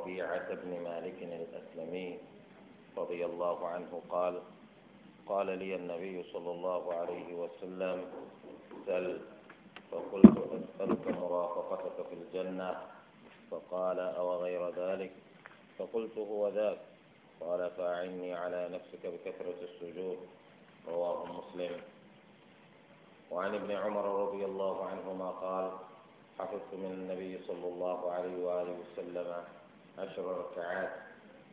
ربيعة بن مالك الأسلمي رضي الله عنه قال قال لي النبي صلى الله عليه وسلم سل فقلت أسألك مرافقتك في الجنة فقال أو غير ذلك فقلت هو ذاك قال فأعني على نفسك بكثرة السجود رواه مسلم وعن ابن عمر رضي الله عنهما قال حفظت من النبي صلى الله عليه وآله وسلم عشر ركعات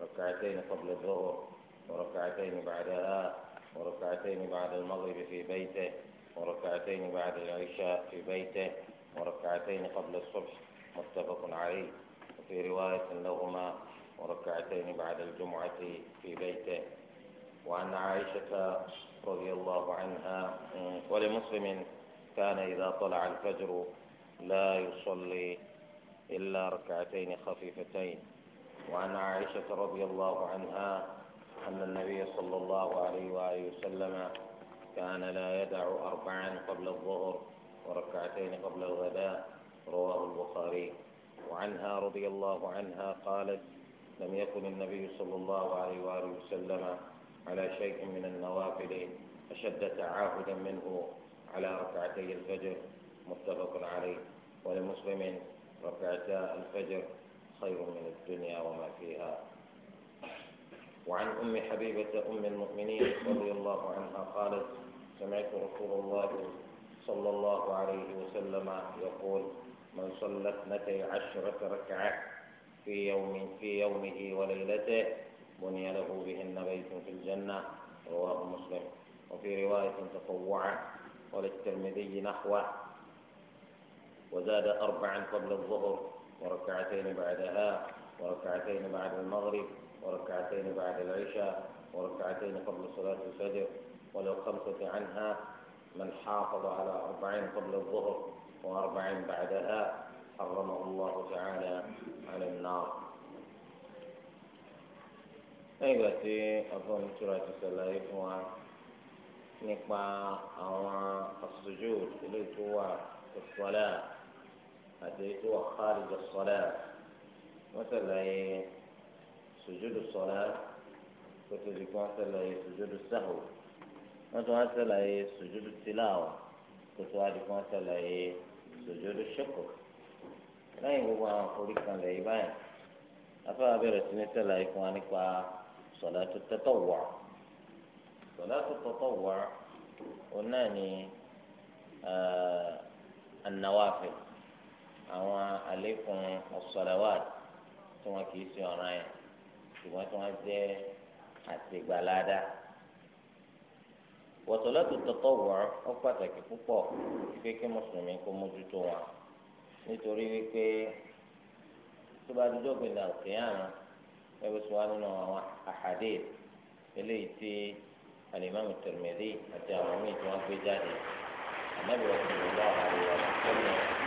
ركعتين قبل الظهر وركعتين بعدها وركعتين بعد المغرب في بيته وركعتين بعد العشاء في بيته وركعتين قبل الصبح متفق عليه وفي رواية لهما وركعتين بعد الجمعة في بيته وأن عائشة رضي الله عنها ولمسلم كان إذا طلع الفجر لا يصلي إلا ركعتين خفيفتين وعن عائشة رضي الله عنها أن النبي صلى الله عليه وآله وسلم كان لا يدع أربعا قبل الظهر وركعتين قبل الغداء رواه البخاري وعنها رضي الله عنها قالت لم يكن النبي صلى الله عليه وآله وسلم على شيء من النوافل أشد تعاهدا منه على ركعتي الفجر متفق عليه ولمسلم ركعتا الفجر خير من الدنيا وما فيها وعن أم حبيبة أم المؤمنين رضي الله عنها قالت سمعت رسول الله صلى الله عليه وسلم يقول من صلى اثنتي عشرة ركعة في يوم في يومه وليلته بني له بهن بيت في الجنة رواه مسلم وفي رواية تطوعة وللترمذي نحوه وزاد أربعا قبل الظهر وركعتين بعدها وركعتين بعد المغرب وركعتين بعد العشاء وركعتين قبل صلاة الفجر ولو خمسة عنها من حافظ على أربعين قبل الظهر وأربعين بعدها حرمه الله تعالى على النار nígbà tí ọgbọ́n ìtura ti ṣàlàyé fún أو السجود àwọn àṣojú àti èyí tó wà kharij as-salat wọ́n ṣàlàyé sujudu as-salat kótó di kó wọ́n ṣàlàyé sujudu sahw wọ́n tún wọ́n ṣàlàyé sujudu tilawa kótó wọ́n di kó wọ́n ṣàlàyé sujudu shukr lẹ́yìn gbogbo àwọn orí kan lẹ́yìn báyìí afẹ́wà bẹ̀rẹ̀ sí ní ṣàlàyé fún wa nípa salatu tatawwu salatu tatawwu ọ̀nà ni an-nawafil àwọn àlékún ọ̀sọ̀làwàd tí wọ́n kì í ṣe ọ̀ràn yẹn ṣùgbọ́n tí wọ́n jẹ́ àtìgbàládá. wọ̀tọ̀lọ́tò tọ́tọ̀ wọ̀ ọ́ pàtàkì púpọ̀ pé kí mùsùlùmí kó mójútó wọn nítorí wípé tó bá dúdú ògbìn náà kì í àná ẹbí sọ wá nínú àwọn àhàdé eléyìí tí alimami Tirmidhi àti àwọn míì tí wọ́n gbé jáde ànábìwọ̀n tó lọ́wọ́ àríyànjú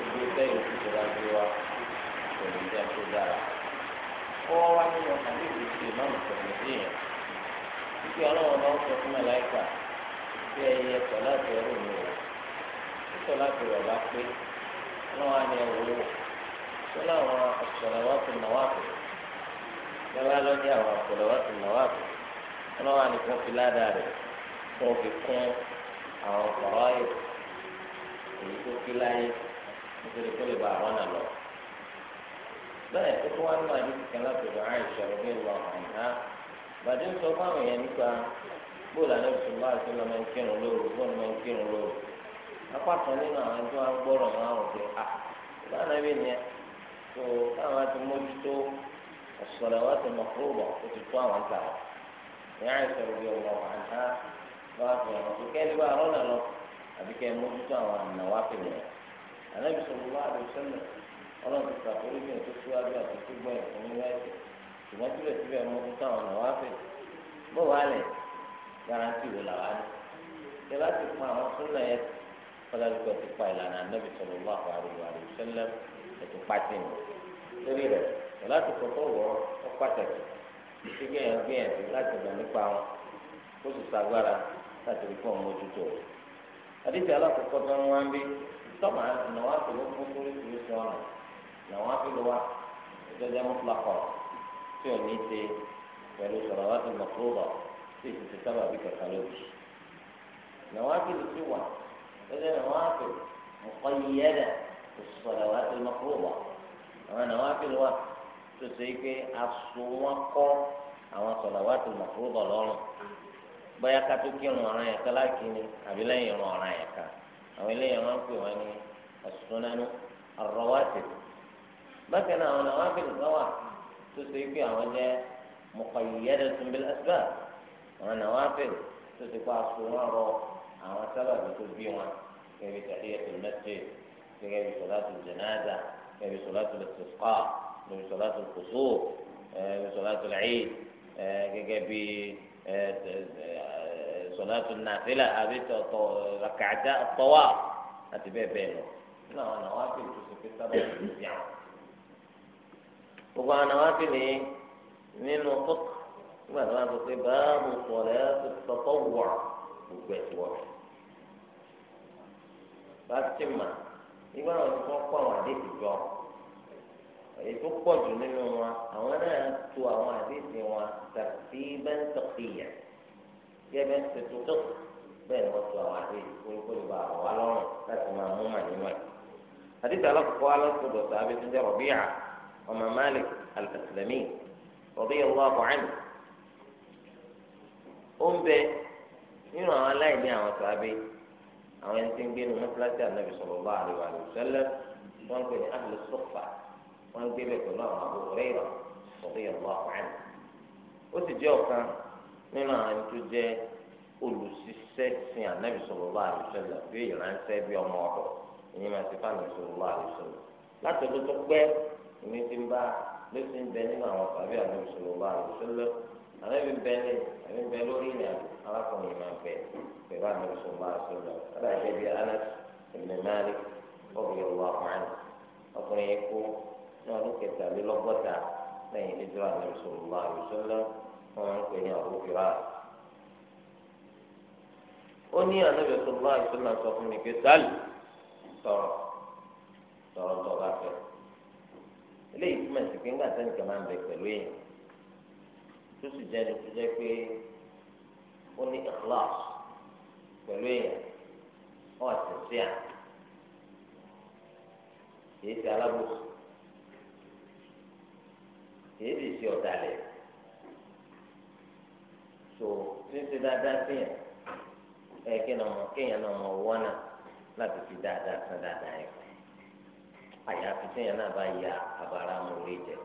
gbogbo sẹ́yìn tí ìjọba gbé wa kò ní jẹ́ tó dára. ó wá wá nínú àbí ìwé ìmáàmù pẹ̀lú sí yẹn. ìgbé ọlọ́wọ́ bá ń sọ fún mẹ́láìkà bí ẹyẹ ẹ̀tọ́ láti ẹrù mi rẹ̀. títọ́ láti rẹ̀ bá pé ọlọ́wọ́ á ní ẹrù wò. tó láwọn ọ̀ṣọ̀lọ́wọ́ ti nà wá pè. lọ́wọ́ lọ́dí àwọn ọ̀ṣọ̀lọ́wọ́ ti nà wá pè. ọlọ́wọ́ nítorí kó lè ba àwọn náà lọ. bẹ́ẹ̀ tó tó wá nínú àdìsí kan láti ọ̀dọ̀ àìsàn ọ̀gbìn lọ àìhá bàdé ń sọ fáwọn èèyàn nípa bóòlù àdébùsùn bá àti lọ́mọ ń kírun lóru bóòlù mọ́ ń kírun lóru. apá kan nínú àwọn tó wá gbọ́rọ̀ náà wọ̀ pé à ah, lánàá bí ni tó táwọn ti mójútó ọ̀sọ̀rọ̀ wá ti mọ̀ fúrúbọ̀ ó ti tó àwọn ta ọ̀ ní àìsàn ọ̀gbìn lọ àìhá ànábì sọ̀rọ̀ wá àdó sẹ́lẹ̀ ọlọ́run ti pàtó orí tó síwájú àti tó gbọ́ ẹ̀kọ́ nínú ẹ̀sẹ̀ ṣùgbọ́n síbẹ̀síbẹ̀ mo tún táwọn ọ̀nà wá fẹ̀ bó wàá lẹ̀ garanti wò làwa ni ṣe láti pa àwọn súnà yẹn fọlọ́dúnkọ̀ ti pa ìlànà ànábì sọ̀rọ̀ wá àdó sẹ́lẹ̀ ẹ̀tún pàtì ní lórí rẹ̀ láti kọ́kọ́ wọ̀ ọ́ pàtàkì ṣé gbìyànjú gbìyànjú láti mọ̀ nípa wọn kó sì sagbára láti rí fún ọmọ ojútùú. àdìsí alákòókò طبعا النوافل هم مطلق في الإسلام نوافل واحد إذا مطلقة في الميتة في الصلوات المفروضة في كتابة بك خلوش نوافل سوى إذا نوافل مقيدة في الصلوات المفروضة أما نوافل واحد تسيك أصوك أما صلوات المفروضة لهم بيا كتوكي نوانا يكلاكيني أبلاي نوانا يكلاكيني àwọn eléyàn máa ń pè wọn asunanu arọwàtì bákan náà àwọn àwọn akéwì kan wà tó ṣe pé àwọn jẹ muqayyadatun bil asbab àwọn àwọn akéwì tó ṣe pé àsùnwọ̀n rọ àwọn sábà tó tó bí wọn kẹbi tàbí tahiyatul mẹ́tẹ́ kẹbi sọlá salatul janaza kẹbi sọlá tó istisqa kẹbi sọlá salatul kusuf kẹbi sọlá tó eid gẹ́gẹ́ bíi صلاة النافلة أبي ركعتا الطواف أتبع بينه لا أنا واقف في سبب يعني وقال أنا واقف nínú fúk nígbà tí wọn sọ pé báàbù sọlẹ tọtọ wà gbogbo ẹtì wọ rẹ fatima nígbà wọn ti kọ́ àwọn àdéhùn jọ èyí tó pọ̀ jù nínú wọn àwọn náà tu àwọn àdéhùn wọn tàbí bẹ́ńtọ̀kìyà. gẹ́gẹ́ ṣe tó bẹ́ẹ̀ ni wọ́n tu àwọn àdé kórókóró bá àwọn wa lọ́rùn láti máa mú màní mọ́ ẹ̀. àdìsí alákòókò alákòókò dọ̀tà tó jẹ́ rọ̀bíà ọmọ malik alẹ́sìlẹ̀mí rọ̀bíà wà bọ̀ọ́nì. ó ń bẹ nínú àwọn aláìní àwọn sàbẹ̀ àwọn ẹni tí ń gbé nu mọ́tíláṣí ànábì sọ̀rọ̀ bá àríwá àlè sẹ́lẹ̀ wọ́n gbé ní ahlẹ̀ sọ́fà wọ́n gbé bẹ̀ pẹ̀lú àwọn àbúrò rẹ̀ rọ̀ rọ̀bíà wà bọ̀ọ́nì. ó sì jẹ́ ọ̀kan nínú àwọn tó jẹ́ olùṣiṣẹ́ sin ànábì sallallahu alaihi wasallam bí ìránṣẹ́ bí ọmọ ọ̀rọ̀ ìní máa ti fáwọn sallallahu alaihi wasallam láti ọdún tó pẹ́ ìní ti ń bá ló ti ń bẹ nínú àwọn tàbí ànábì sallallahu alaihi wasallam ànábì bẹ ní ànábì bẹ lórí ìrìn àjò alákùnrin máa bẹ pẹ̀lú ànábì sallallahu alaihi wasallam alájẹ bíi Anas ibn Malik radiyallahu anhu ọkùnrin yẹn kú ní ọdún kẹtàlélọ́gọ́ta lẹ́yìn ìdíjọ́ ànábì sallallahu alaihi wasallam wọn máa ń pè ní Abu Firas ó ní ànábì sọlá ìṣúná sọ fún mi pé sálì tọrọ tọrọ tó bá fẹ́ eléyìí túmọ̀ sí pé ńgbà sẹ́ni kan máa ń bẹ pẹ̀lú èèyàn tó sì jẹ́ ni tó jẹ́ pé ó ní ikhlas pẹ̀lú èèyàn ó wà tẹ̀sí à kìí ṣe alábòsí kìí sì ṣe ọ̀dàlẹ̀ tó ṣíṣe dáadáa kéèyàn ẹ kéèyàn ọmọ kéèyàn ọmọ wọnà láti fi dáadáa san dáadáa yẹn àyàfi téèyàn náà bá ya àbára mórí jẹ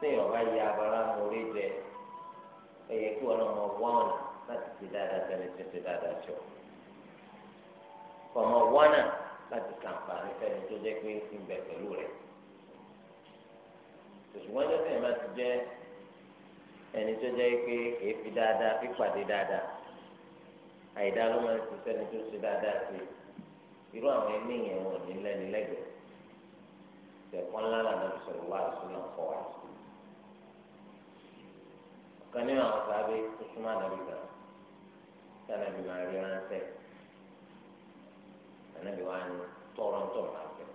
téèyàn bá ya àbára mórí jẹ ẹ yẹ kí wọn ọmọ wọnà láti fi dáadáa sẹni tó ṣe dáadáa tó ọmọ wọnà láti sàǹfààní sẹni tó jẹ pé ń bẹ pẹ̀lú rẹ tòṣùwọ́n jẹ́ sẹ́yìn bá ti jẹ́ ẹni tó jẹ́ pé kìí fi dáadáa fi pàdé dáadáa àìdá ló máa ń ti sẹ́ni tó ṣe dáadáa sí irú àwọn ẹni yẹn wọn ní lẹ́ni lẹ́gbẹ̀ẹ́ tẹ̀kọ́ ńlá lànà sọ̀rọ̀ wá àṣùnà kọ̀ wá. ọ̀kan nínú àwọn sábẹ́ tó súnmọ́ ànábì kan tí ànábì máa rí ránṣẹ́ ànábì wá ní tọrọ ń máa fẹ́.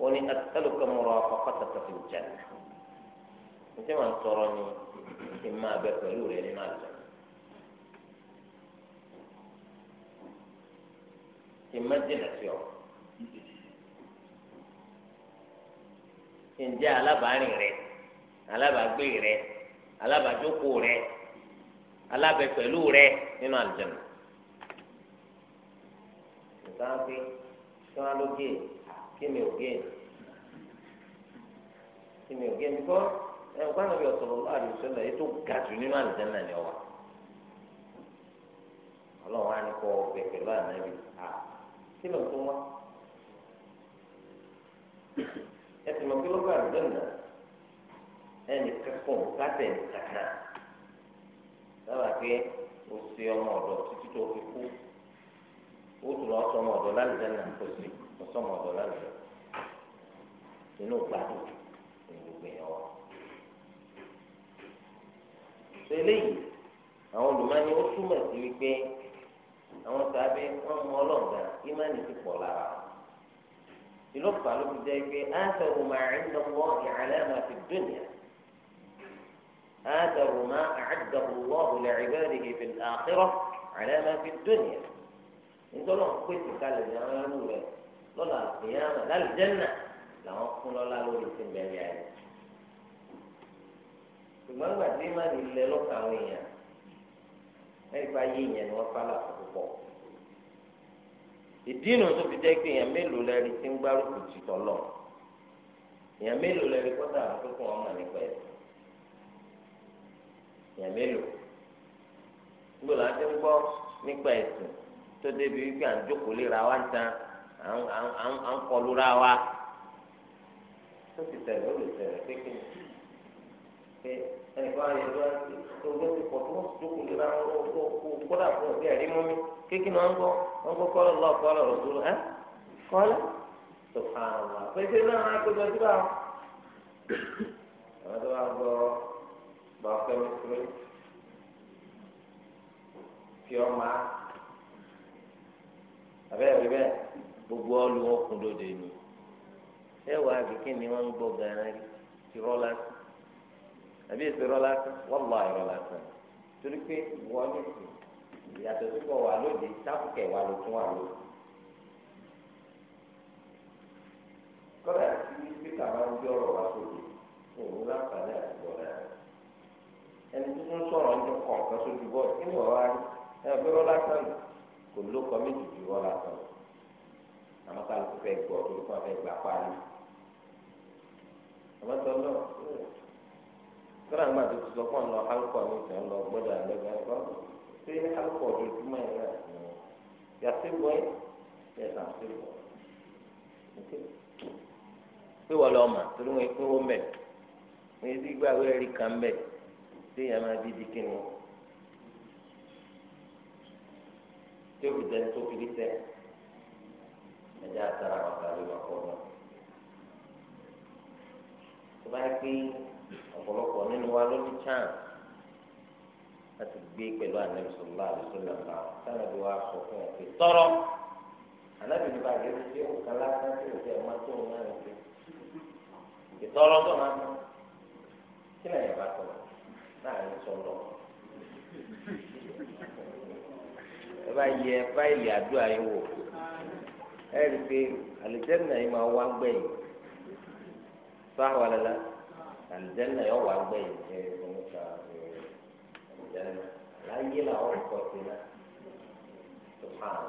wọ́n ní asálùkọ́ mọ́ra ọkọ̀ kọ́tàkọ́ fi jẹ́ náà níta máa ń sọ̀rọ̀ ni kí n máa bẹ pẹ̀lú rẹ nínú àlọ́ kí n má jìnà sí ọ kí n jẹ́ alábàárìn rẹ alábàágbé rẹ alábàájókòó rẹ alábẹ pẹ̀lú rẹ nínú àlùjànnà nǹkan á gbé kí wọn ló gé e? kí mi ò gé e? kí mi ò gé mi e? ẹ ọgbà nàbí ọsọlọ àdìsọlọ yìí tó ga jù nínú àlùjáná ni ọwà Ọlọ́run wa ni kọ ọbẹ pẹ̀lú ànábì à kí ló ń tó wá ẹ sì mọ kí ló bá dábàá pé o ṣe ọmọ ọ̀dọ̀ títí tó fi kú o tún lọ sọmọ ọ̀dọ̀ kò sí sọmọ ọ̀dọ̀ inú gbàdúrà tẹ́lẹ̀ yìí àwọn olùmọ̀ni ó túmọ̀ sí wípé àwọn sábẹ́ wọn mú ọlọ́ọ̀gá ìmánì ti pọ̀ lára ìlú ọ̀pá ló fi jẹ́ pé áńtẹ̀rù máa ń lọ́wọ́ ìhàlẹ́ máa fi dúnìá áńtẹ̀rù máa àádọ́rù lọ́ọ̀hùn lẹ́rìbẹ́rì ìfẹ̀ àkírọ̀ àlẹ́ máa fi dúnìá nítorí wọn pèsè kalẹ̀ ní àwọn ẹrú rẹ̀ lọ́la àgbéyàmà lálùjẹ́nà làwọn fún lọ́la lórí ti bẹ̀rẹ̀ ayé. ṣùgbọ́n nígbà tí má ní ilẹ̀ lọ́kàn àwọn èèyàn ẹ̀rí pa ayé ni wọ́n fálà púpọ̀ ìdí inú tó fi jẹ́ pé èèyàn mélòó lẹ́rí tí ń gbárùkù èèyàn mélòó lẹ́rí kọ́tà ọmọ nípa èèyàn mélòó ń gbọ́ nípa ẹ̀sìn tó débi wípé à ń jókòó léra ń tan à ń ra wa pé ẹnìkan ayé ló ń pè ti pọ̀ tó ń sọ́kù lera owó kódà fún ọ̀gbẹ́ ẹ̀rí mú mi kéèké ni ń gbọ́ wọ́n gbọ́ kọ́lọ̀ lọ́ọ̀ kọ́lọ̀ rọ̀ dúró ẹ́ kọ́lẹ̀ tó àwọn àpèsè náà máa pé jọ síbà àwọn tó bá gbọ́ bàkẹ́mísírì tí ọ máa àbẹ́rẹ́ bẹ́ẹ̀ gbogbo ọlù wọn lóde ni ẹ wàá bí ni wọ́n ń gbọ́ ti àbí èsì rọlá wọ́lọ́ àìrọlá sàn torí pé wọ́n ní sùn ìyàtọ̀ tó kọ̀ wà lóde sáfùkẹ̀ wà ló tún wà ló. kọ́lá tí spíkà máa ń gbé ọ̀rọ̀ wá sóde òun láǹfààní àti bọ̀dá ẹni tó tún sọ̀rọ̀ ń tún kọ̀ sójú bọ́ọ̀ kí ni ọ̀rọ̀ kò ló méjì ju kọ́ra ńgbà tó ti sọ fún ọ̀nà alukọ̀ ní ìtàn lọ gbọ́dọ̀ àlẹ́gbẹ́ ẹ̀kọ́ ṣé alukọ̀ ojoojúmọ́ yẹn náà sí wọn yàtí bọ́ ẹ̀ yẹ sàn sí bọ́ pé wọ́n lọ mà torí wọn pé wọ́n mẹ̀ wọ́n yẹ dígbà wẹ́rẹ́ rí kan mẹ̀ ṣé yẹn máa di di kíni tó fi dẹni tó fi dísẹ́ ẹ̀jẹ̀ àtàrà wàtàrí kọ́ náà tó bá yẹ pé ọ̀pọ̀lọpọ̀ nínú wa ló ní chance láti gbé pẹ̀lú anabi sọlá àdúgbò nàbà sànàbí wa sọ fún ọ pé tọrọ anabi nípa àgbẹ̀bí tí ó kàn lásán tí ó tẹ̀ máa tó ń náà nígbè ìtọrọ tó máa tó kí lẹ́yìn bá tọ̀ láàrin sọlọ ẹ bá yẹ fáìlì àdúrà yín wò ẹ rí i pé àlùjẹ́ nà máa wá gbẹ̀yìn sáà wà lẹ́la àlùjáná yọ wà gbẹ̀yìn ẹ ẹ nípa eh, àlùjáná láyé làwọn kọ sí náà tó fà á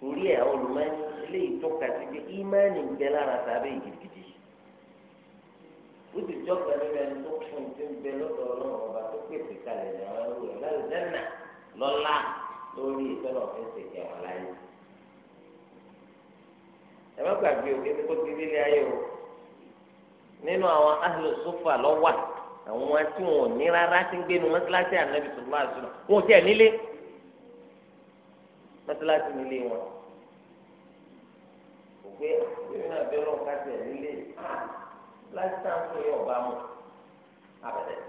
torí ẹ olùmọ̀ẹ́ni eléyìí tó ka sí pé ìmọ̀ẹ́nì ń bẹ lára tàbí gidigidi ó sì jọ́ pẹ̀lú ẹni tó fún ti ń bẹ lọ́dọ̀ ọlọ́run ọba tó pèsè kalẹ̀ ní àwọn ẹrú rẹ̀ lálùjáná lọ́la lórí ìtọ́nà fẹsẹ̀ kẹwàá láyé ẹ má gbàgbé o kí kó ti délé ayé o nínú àwọn ahlu sufa lọ́wà àwọn tí wọn ò ní rárá ti ń gbénu mọ́sálásí ànábì sọ̀rọ̀ àti sọ̀rọ̀ wọn ò tẹ̀ nílé mọ́sálásí nílé wọn. kò pé ìwé náà bẹ́ẹ̀ lọ́n ká tẹ̀ nílé láti sáńkì yóò bá mu abẹ́rẹ́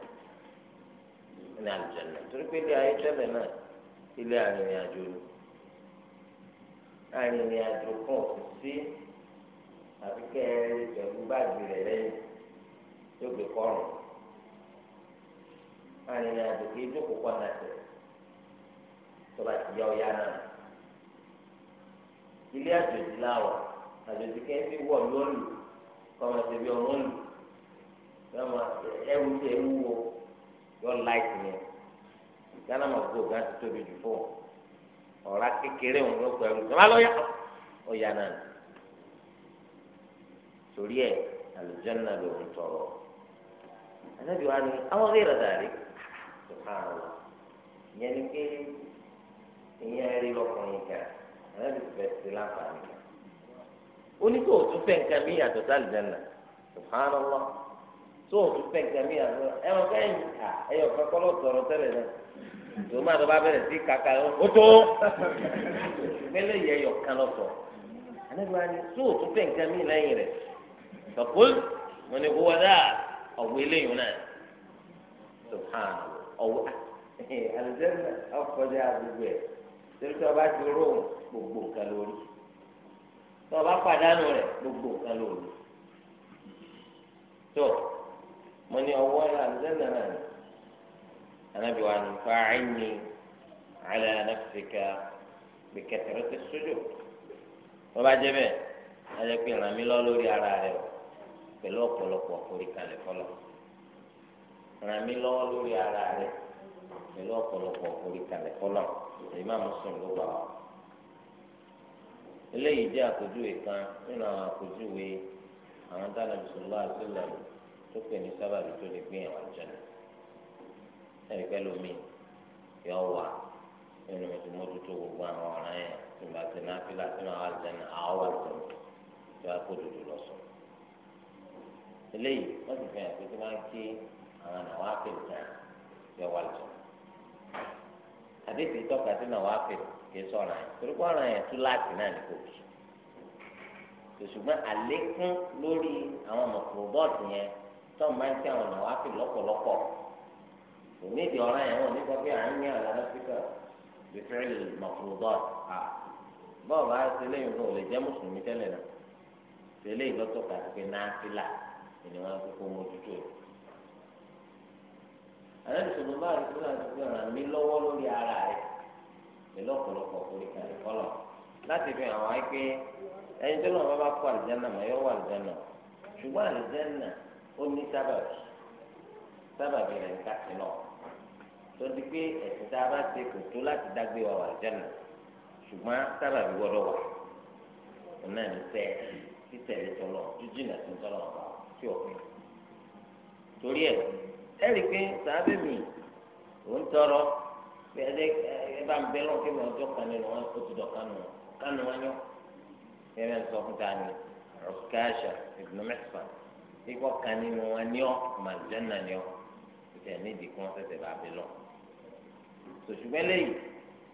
ní àlùjànnà torí pé ilé ayé tẹ́lẹ̀ náà ilé arìnrìn ni arìnrìn kan ò sí àbíkẹ́ ẹ̀rí pẹ̀lú báàgì rẹ̀ lẹ́yìn tí ó gbé kọrùn arìnrìn àjò kì í jókòó kọ́ náà tẹ̀ tó bá ti yá ọ̀yá náà ilé àjòjì láwọ̀ àjòjì kẹ́ńtì wọ̀ lónìí kọ́mọ ti bí ọmọ lù yọmọ ẹwù tí ẹwù wo yọ láìpì yẹn gánà máa gbó gánà ti tóbi jù fún ọ̀rá kékeré òun ló pẹ̀lú ìjọba lọ́yà ọ̀yà náà torí ẹ̀ àlùjànnà lòun tọrọ anabi wa ni àwọn rí rẹ̀ dàrí subhanahu ìyẹn ni pé ìyẹn rí lọkùnrin kan anabi fẹ́ sí láǹfààní kan onítò tún fẹ́ nǹkan mi yàtọ̀ sálì dáná subhanallah tó o tún fẹ́ nǹkan mi yàtọ̀ ẹ̀wọ̀n kẹ́yìn à ẹ̀yọ̀ kọ́kọ́rọ́ sọ̀rọ̀ tẹ́lẹ̀ náà tó máa tó bá bẹ̀rẹ̀ sí kàkà ó tó mẹ́lẹ̀ yẹ ẹ̀yọ̀ kan lọ sọ̀rọ̀ anabi wa tó o tún nǹkan mi lẹ́yìn rẹ̀ sọ̀kúl mo ní kó wọ́n dáa. ọ̀wọ́ eléyìí náà subhan ọ̀wọ́ alùjẹ́nà ọ̀kọ́jà gbogbo torí tí ọba ti rò gbogbo nǹkan lórí tí ọba pàdánù gbogbo nǹkan lórí tó mo ní ọwọ́ alùjẹ́nà náà ni ala nafsika bi kathrati sujud na bá jẹ́ bẹ́ẹ̀ ajẹ́ pé ràn lórí ara pẹ̀lú ọ̀pọ̀lọpọ̀ àforíkalẹ̀ fọlọ́ ràn mí lọ́wọ́ lórí ara rẹ pẹ̀lú ọ̀pọ̀lọpọ̀ àforíkalẹ̀ fọlọ́ ìmá mùsùlùmí ló bá wa. eléyìí jẹ́ àpèjúwe kan nínú àwọn àpèjúwe àwọn dáná bisimilá àtúlẹ̀ tó pè ní sábàbí tó lè gbé àwọn àjọyọ̀ ẹ̀rí pẹ́ lómi yọ wà nínú mọ̀tòmọ́tò gbogbo àwọn ọ̀ràn yẹn tó bá náà fi láti máa wà lẹ́nu àwọn àjọyọ̀ tó bá kó dòdò lọ sọ̀rọ̀ eléyìí wọ́n sì fẹ́ràn pé kí wọ́n ké àwọn àwọn àpèjá yọ wà lọ. àdéhùn tọ́ka sí àwọn àpèjá kì í sọ̀rọ̀ àyàn torí pé ọ̀ràn yẹn tú láti náà ní kò kì. ṣùgbọ́n àlékún lórí àwọn mọ̀kòròbọ́ọ̀tì yẹn tó máa ń kí àwọn àwọn àpèjá lọ́pọ̀lọpọ̀ òní ìdí ọ̀ràn yẹn wọ́n ní kọ́ pé à ń ní àlọ́ lọ́síkà bífẹ́rẹ́ mọ̀kòròbọ́ọ̀tì bọ́ọ̀ bá ṣe léyìn kó lè jẹ́ mùsùlùmí tẹ́lẹ̀ náà ṣe léyìn lọ́tọ̀ kàtí pé náà ni wọn kókó mójútó àwọn ìṣòro bá àdúgbò náà ti ràn mí lọ́wọ́ lórí ara rẹ̀ pẹ̀lú ọ̀pọ̀lọpọ̀ oríkàlẹ̀ kọ́lọ̀ láti fi hàn wáyé pé ẹni tó lọ́wọ́ bá kó àlùjáná mà yọ wọ àlùjáná ṣùgbọ́n àlùjáná ó ní sábàbí sábàbí rẹ̀ ń ká sí náà tó di pé ẹ̀sìn tá a bá ṣe kò tó láti dágbé wa wà àlùjáná ṣùgbọ́n sábàbí gbọ́dọ̀ wà ọ̀nà ìṣe títẹ̀lé tọ́lọ̀ jíjìnà tó ń tọ́lọ̀ wà sí òfin torí ẹ ẹ rí i pé sàábẹ mi ò ń tọrọ bí ẹ ẹ bá ń bẹ lọ kí wọn ọjọ́ kan nínú wọn ó ti dọkan nù kánú wọn yọ ẹ bẹ ń sọ fún tani rọkàṣà ìbùnúmẹsà kíkọ kan nínú wọn ní ọ màdìjánà ní ọ ìtẹ nídìí kí wọn tẹsẹ bá bẹ lọ sòṣùgbọ́n lẹ́yìn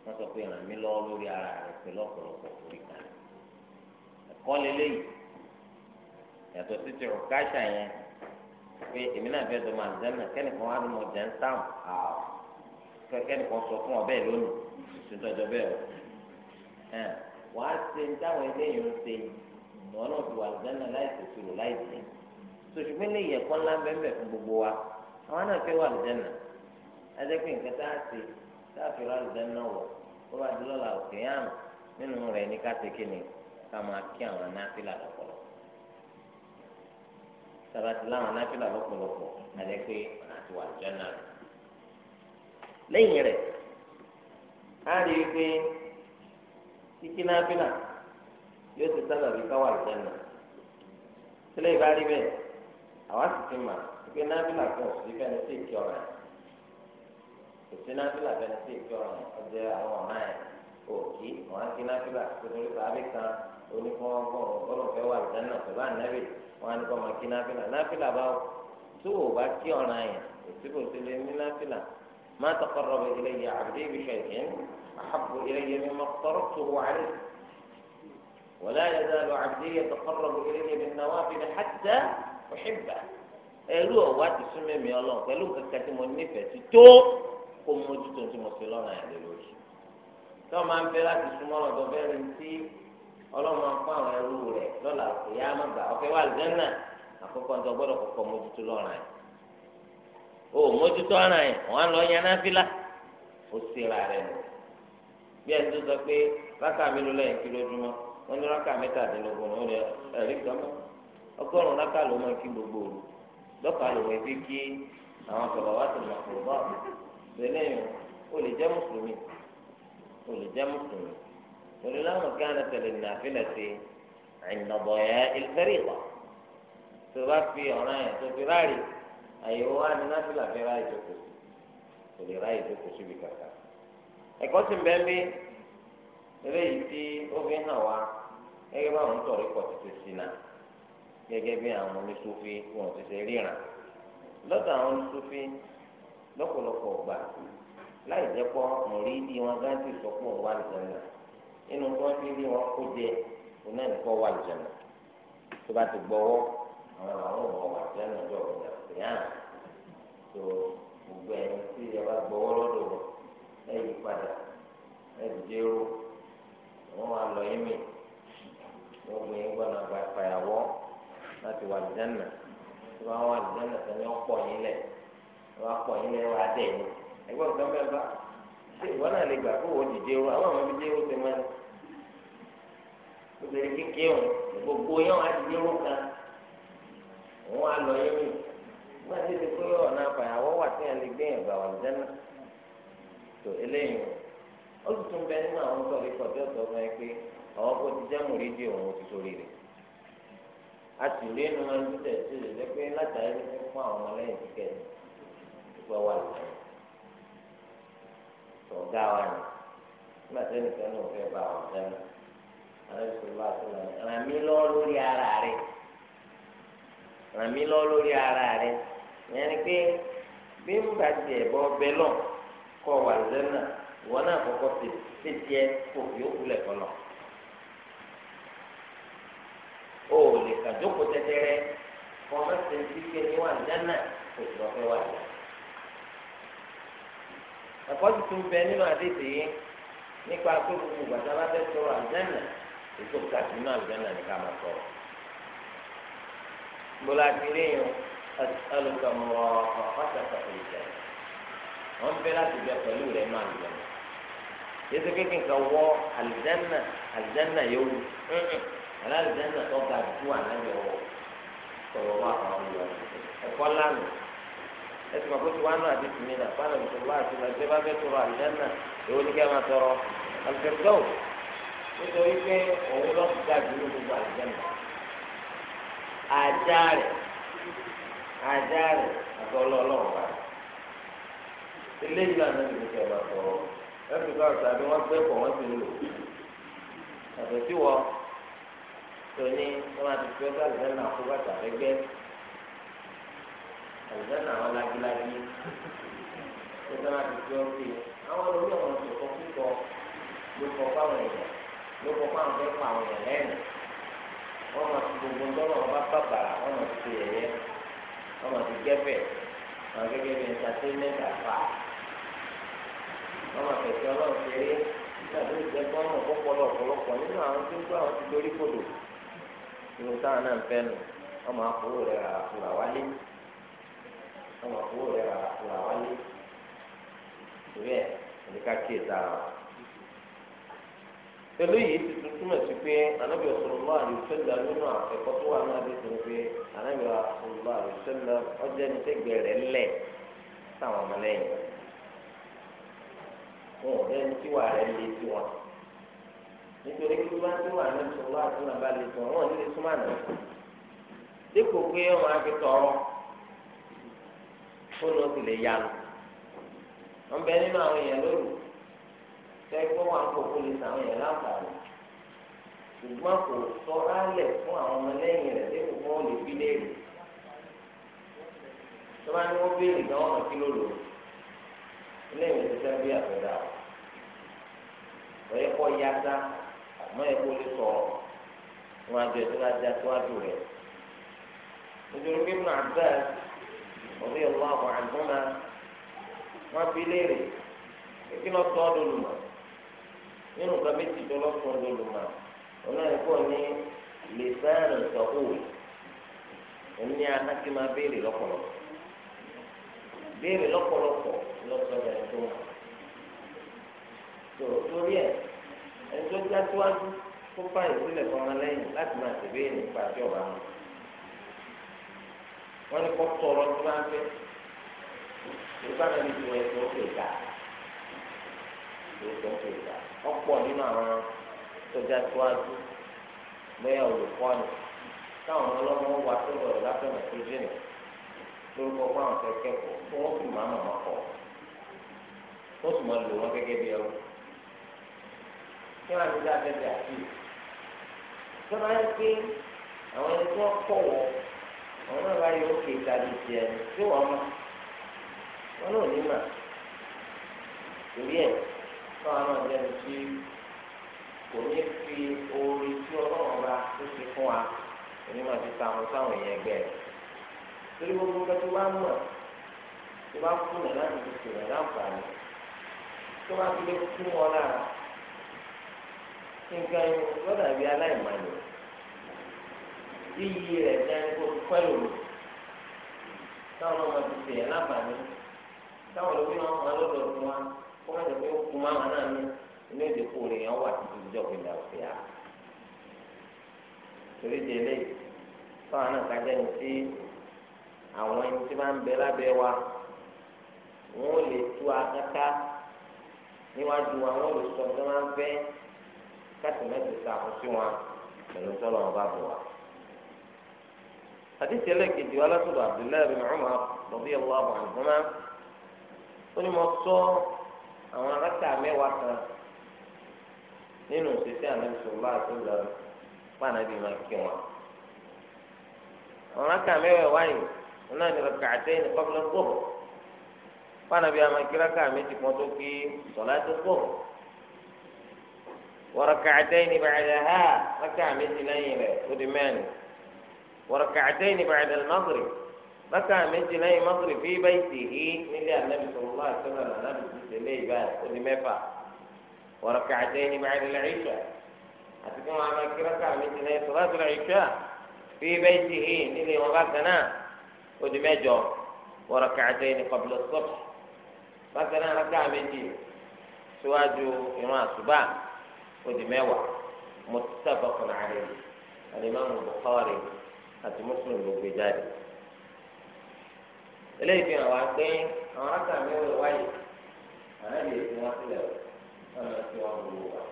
wọ́n sọ pé ràn mí lọ́wọ́ lórí ara rẹ̀ pẹ̀lú ọ̀pọ̀lọpọ̀ orí kan ẹ̀kọ́ lélẹ́yìn yàtọ̀ sí ti rọ̀ káṣà yẹn pé èmi náà fẹ́ dọ̀mọ àlùjáná kẹ́nìkan wà ló mọ jẹ́ ń sáwọn àwọ̀ kẹ́nìkan sọ fún ọbẹ̀ lónìí tuntun bẹ́ẹ̀ o wà á ṣe ń táwọn eléyìí ń ṣe ìmọ̀ náà ti wà àlùjáná láì sòsòrò láì sí sòṣùpé lè yẹ kọ́ ńlá bẹ́ẹ̀ fún gbogbo wa àwọn náà fẹ́ wà àlùjáná ẹjẹ́ pé nǹkan tá ṣe tá fi rà àlùjáná wọ̀ ó bá dúró la òkè yàn nínú rẹ̀ ní ká ni ká máa kí àwọn náà tàbá ti láwọn anáfíà lọ́pọ̀lọpọ̀ àti pé ọ̀nà àti wà lọ́jọ́ náà. lẹ́yìn rẹ̀ á rí i pé kíkí náfíà yóò ti sábà bí káwà lọ́jọ́ náà. sílẹ̀ ìbá rí bẹ́ẹ̀ àwa sì ti mà pé náfíà kan ò sí fẹ́ni sí ìkí ọ̀ràn kò sí náfíà fẹ́ni sí ìkí ọ̀ràn òkì wọn ti náà fi bá tuntun bá bí kan onífọwọ́gbọ́n ọlọ́fẹ́ wà lùdánù pẹ̀lú ànábì wọn ni kọ́ máa kí náà fìlà náà fìlà báwo tó o bá kí ọ̀ràn yẹn ètí kò sí lè ní náà fìlà má tọkọrọ bẹ ilé yẹ àbúdé ibi ṣẹ̀yìn àhàbò ilé yẹ mímọ tọrọ tó wà lé wọlé ayélujára àbúdé yẹ tọkọrọ bẹ ilé yẹ mímọ wà fi hàtà òṣìbà ẹlú ọwọ àti súnmẹ́mi ọlọ́run pẹ̀lú kankan tí mo nífẹ̀ẹ́ ti tó kó mójútó tí mo fi lọ́ràn yẹn lórí. tó máa ń fẹ́ láti súnmọ́ lọ́dọ̀ bẹ́ẹ̀ ni tí ọlọ́mọ fún àwọn ẹrú rẹ̀ lọ́la ìyá àmàgbà ọ̀fẹ́ wà lẹ́nà àkọ́kọ́ ń tọ́ gbọ́dọ̀ kọ́kọ́ mójútó lọ́ràn yẹn o mójútó ọ̀ràn yẹn wọ́n á lọ yan náfìlà ó sera rẹ̀ nù bí ẹni tó sọ pé rákà mi ló lẹ́yìn kí lójúmọ́ wọ́n ní rákà mẹ́tàdínlógún ẹ̀rí gbọ́mọ́ ọgọ́rùn-ún rákà gbogbo òru lọ́kà o lè jẹ́ mùsùlùmí torí láwọn gánà tẹ̀lé nàfílà sí àìnàbọ̀yà ìfẹ́rìwà tó bá fi ọ̀ràn yẹn tó fi ráàlì àyẹ̀wò wa ní nàfílà fi ráàlì tó kù sí kò lè ráàlì tó kù síbi kàkà ẹ̀kọ́ sì ń bẹ́ẹ̀ bí eléyìí tí ó fi hàn wá gẹ́gẹ́ bá àwọn tọ̀rí pọ̀ títí sí náà gẹ́gẹ́ bí àwọn oníṣòfin wọn ti ṣe ríran lọ́dọ̀ àwọn oníṣòfin lọ́pọ̀lọpọ̀ gbà láì jẹ́ pọ́ mọ̀rí di wọn gáàsì sọ́kùn wà lùjẹ̀nà nínú tí wọ́n fi rí wọn kó jẹ òun náà nìkan wà lùjẹ̀nà tó bá ti gbọ́wọ́ àwọn àwọn ọmọ wà lùjẹ̀nà jọ ọ̀gá ìyá tó gbogbo ẹni tí ẹ bá gbọ́wọ́ lọ́dọ̀ wọn ẹ yí padà ẹ dìde ro wọn wà lọ yín mi wọn gbé yín gbọ́dọ̀ gba ìpàyàwọ́ láti wà lùjẹ̀nà tó bá wà lùjẹ̀nà tó ọ̀pọ̀ yín lẹ̀ wọ́n á pọ̀ yín lẹ̀ wọ́n yín. ẹgbẹ́ ọ̀gá mẹ́ta ṣé ìwọ náà lè gbà kó wọ́n dìde ro àwọn ọmọ dìde ro ti máa ní. ó kékeré òun gbogbo yẹn wọn á dìde ro kan òun á lọ yẹn mi nígbà tí ti pé ọ̀nà àfàyàwọ́ wà gbé wà náà eléyìí ó tún bẹ nínú àwọn tó lè tó pé kò ti jẹ́ mòrídìí òun ti rẹ̀ a sì rí inú wọn títẹ̀ sí ọ̀gá wa ni nígbà tí ẹnìkan náà fẹ́ bá ọ̀gá mi alẹ́sọ̀rọ̀ àtúnwá ràn mí lọ́wọ́ lórí ara rẹ̀ ràn mí lọ́wọ́ lórí ara rẹ̀ ìyẹn ni pé bí n bá tiẹ̀ bọ́ bẹ́ẹ̀ lọ kọ́ wà lẹ́nà ìwọ náà kọ́kọ́ ti tiẹ̀ kò fi ó kulẹ̀ lọ. o lè kàdókò tẹ́tẹ́rẹ́ kọ́ mẹ́sẹ̀ ń ti pé wà lẹ́nà kò sì lọ́ fẹ́ wà lẹ́nà ẹ̀kọ́ sì tún bẹ nínú àdéhùn yìí nípa pé gbogbo gbàtà bá fẹ́ sọ̀rọ̀ àlùjánnà ètò kàtí nínú àlùjánnà ní ká máa sọ̀rọ̀. gbọ́dọ̀ àti léyìn alùpàmọ́ ọ̀pọ̀tàkà ìjà wọ́n fẹ́ láti bẹ pẹ̀lú rẹ̀ máa àlùjánnà. yẹ́sẹ̀ kéèké nǹkan wọ àlùjánnà àlùjánnà yóò wù àlùjánnà tó ga ju àlàyé ọ̀wọ́ sọ̀rọ̀ wà àwọn ẹsì máa kó ti wá nù àdìsí mi náà fáwọn ìṣòro àti ìlàjẹ bá fẹ́ tọrọ àdìyàn náà èwo ni kẹ́ máa tọrọ àlùfẹ́tọ́ nítorí pé òun lọ sí dàbí ní gbogbo àdìyàn náà àjà rẹ̀ àjà rẹ̀ àtọ́lọ́lọ́wọ́ wa eléyìí náà ní ìṣòro máa tọrọ ẹsì máa tàbí wọ́n gbé pọ̀ wọ́n ti lò àtẹ̀síwọ́ tòní wọ́n máa ti fẹ́ náà kó bàtà fẹ́ gbẹ́ àyùdá náà wọn lágílágí tó sábà ti fi ọ́n pè é àwọn olórí ọ̀rọ̀ tó kọ́ púpọ̀ ló kọ́ fáwọn èèyàn ló kọ́ fáwọn fẹ́ pa àwọn èèyàn lẹ́nu wọ́n máa ti gbogbo ńlọ́rọ̀ wọn bá bàbàrà wọ́n máa ti fi ẹ̀yẹ wọ́n máa ti gẹ́fẹ̀ wọn gẹ́gẹ́ bí entertainment àfà wọ́n máa fẹ̀sẹ̀ ọlọ́run ṣeré tàbí ìjẹ́gbọ́n mọ̀ tó ti dorí kodò ọmọ àbúrò rẹ̀ rà rà wálé torí ẹ̀ ẹ̀díkà kíyè sára wa. pẹ̀lú yìí ti tún túmọ̀ sí pé anábì ọ̀sọ̀rọ̀lá àdìsẹ́lẹ̀ nínú ẹ̀kọ́ tó wà náà dìtò pé anábì ọ̀sọ̀rọ̀lá àdìsẹ́lẹ̀ ọjọ́ ẹni tẹ́gbẹ̀ẹ́ rẹ̀ lẹ̀ sáwọn ọmọlẹ́yìn wọn ò lẹ́nu tí wà rẹ̀ lé sí wọn nítorí pé bá tí wà náà sọ̀rọ̀ àti nàbà lè sọ̀rọ̀ wọn ò ní lè súnmọ́ àná dípò pé wọn á fi tọrọ fóònù òsì lè yanu wọn bẹ nínú àwọn èèyàn lóru tẹgbọn wà kókó lè sàn èèyàn láǹfààní kò sọ rálẹ̀ fún àwọn ọmọlẹ́yìn rẹ̀ dé wọn lè fi léèrè tó bá ní wọn béèrè náà wọn kí bí ya kó lè wọn رضي الله عنهما wọ́n fi léèrè kí lọ sọ ọdún lùmọ nínú nǹkan méjì tó lọ sọ ọdún lùmọ onáyẹkọ ní lẹsẹrẹ sọkúwì òní anákí máa béèrè lọ́pọ̀lọpọ̀ béèrè lọ́pọ̀lọpọ̀ lọsọdọ ẹni tó wà tó torí ẹ ẹni tó dá síwájú tó bá ìsílẹ̀ fọmọ lẹ́yìn láti máa tẹ̀lé nípa àti ọ̀bà wọn wọn ni kò tọrọ tí wọn fẹ́ nígbà náà ní tiwọn ẹsẹ ọkọ ìgbà ẹsẹ ọkọ ìgbà ọ̀pọ̀ nínú àwọn sọ́jà síwájú bẹ́ẹ̀ olùkọ́ ni táwọn ọlọ́mọ wa tó lọ lápẹ̀ nàìjíríà lórúkọ fún àwọn kẹ̀kẹ́ kọ fún wọn sì máa mọ̀ wọn kọ wọn sì máa lò wọn gẹ́gẹ́ bí ẹrú kí wọn ti dá àti ìlú tí àwọn náà bá yọ òkè ìtàgé tiẹ̀ tí wọ́n mọ̀ wọn náà ní mà torí ẹ̀ káwọn náà lẹ́nu tí kò ní fi orí tí ọlọ́run bá tó ti fún wa onímọ̀ ti ta àwọn sáwọn èèyàn ẹgbẹ́ rẹ̀ torí gbogbo nǹkan tó bá mọ̀ tó bá fún ẹ̀ láti fi sèrè láǹfààní tó bá fi lé wọn lára nǹkan yìí lọ́dà bíi aláìmọ̀lẹ́. iyì rẹ̀ ní kó fi pẹ́ lòlò táwọn ọmọ ti ṣe aláǹfààní táwọn olóbi wọn lọ́dọ̀ fún wa kó má náà ní inú èdè kó rè yẹn wà títí ìjọ òfin à. torí di táwọn náà kájẹ́ ní sí àwọn ẹni tí máa ń bẹ lábẹ́ wa lè tú akáká níwájú wa lè sọ máa ń fẹ́ حديث يلك جوالة عبد الله بن عمر رضي الله عنهما وني مصور àwọn arákà mẹ́wàá kan nínú òṣìṣẹ́ ànábìsọ̀lá àti ńlọ pàànàbí máa kí wọn. àwọn arákà mẹ́wàá wáyé wọn náà ní rẹ̀kà àtẹ́yìn ní kọ́bílẹ̀ na pàànàbí àwọn akírákà méjì kan tó kí sọ̀lá tó gbòòrò. wọ́n rẹ̀kà àtẹ́yìn ha وركعتين بعد المغرب بكى من لي مغرب في بيته من النبي صلى الله عليه وسلم النبي لي بعد كل ما وركعتين بعد العشاء أتكلم على ركع من لي صلاة العشاء في بيته من لي وبعدنا ودمجه وركعتين قبل الصبح بكنا ركع من سواجو إمام صباح ودمجه متفق عليه الإمام البخاري àti mùsùlùmí ló gbé jáde eléyìí fi hàn wá pé àwọn rákà mẹ́rin wáyé ànábì èyí wọn sílẹ̀ wọn lọ sí wọn gbogbo wa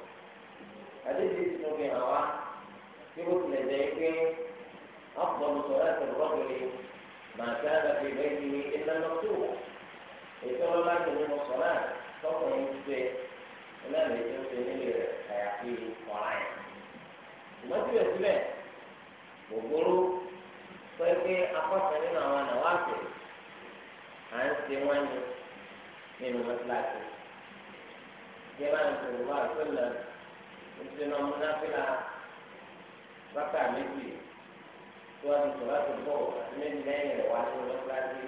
àdéhùn ti tún fi hàn wá bí ó tilẹ̀ jẹ́ pé ọ̀pọ̀ lùsọ̀rọ̀ àti rọ́bìnrin màá sá àdàbí lẹ́yìn ní iná lọ́tò ètò ọlọ́lá ti ní mọ̀sọ̀rọ̀ tọkùnrin ṣe ẹlẹ́rìí tó ṣe nílé rẹ̀ àyàfi ọ̀rá gbogbooro pẹ́ẹ́pẹ́ akọ́sẹ̀ nínú àwọn ànáwó àfẹ́ à ń ṣe wọ́n ní nínú mọ́tíláṣí. Ìjọba ní sọ̀rọ̀ wá àtúnlẹ̀ ìṣúná múnáfíà bákà méjì tí wọ́n ti sọ̀rọ̀ láti bọ̀ àti méjì lẹ́yìn rẹ̀ wá sí mọ́tíláṣí.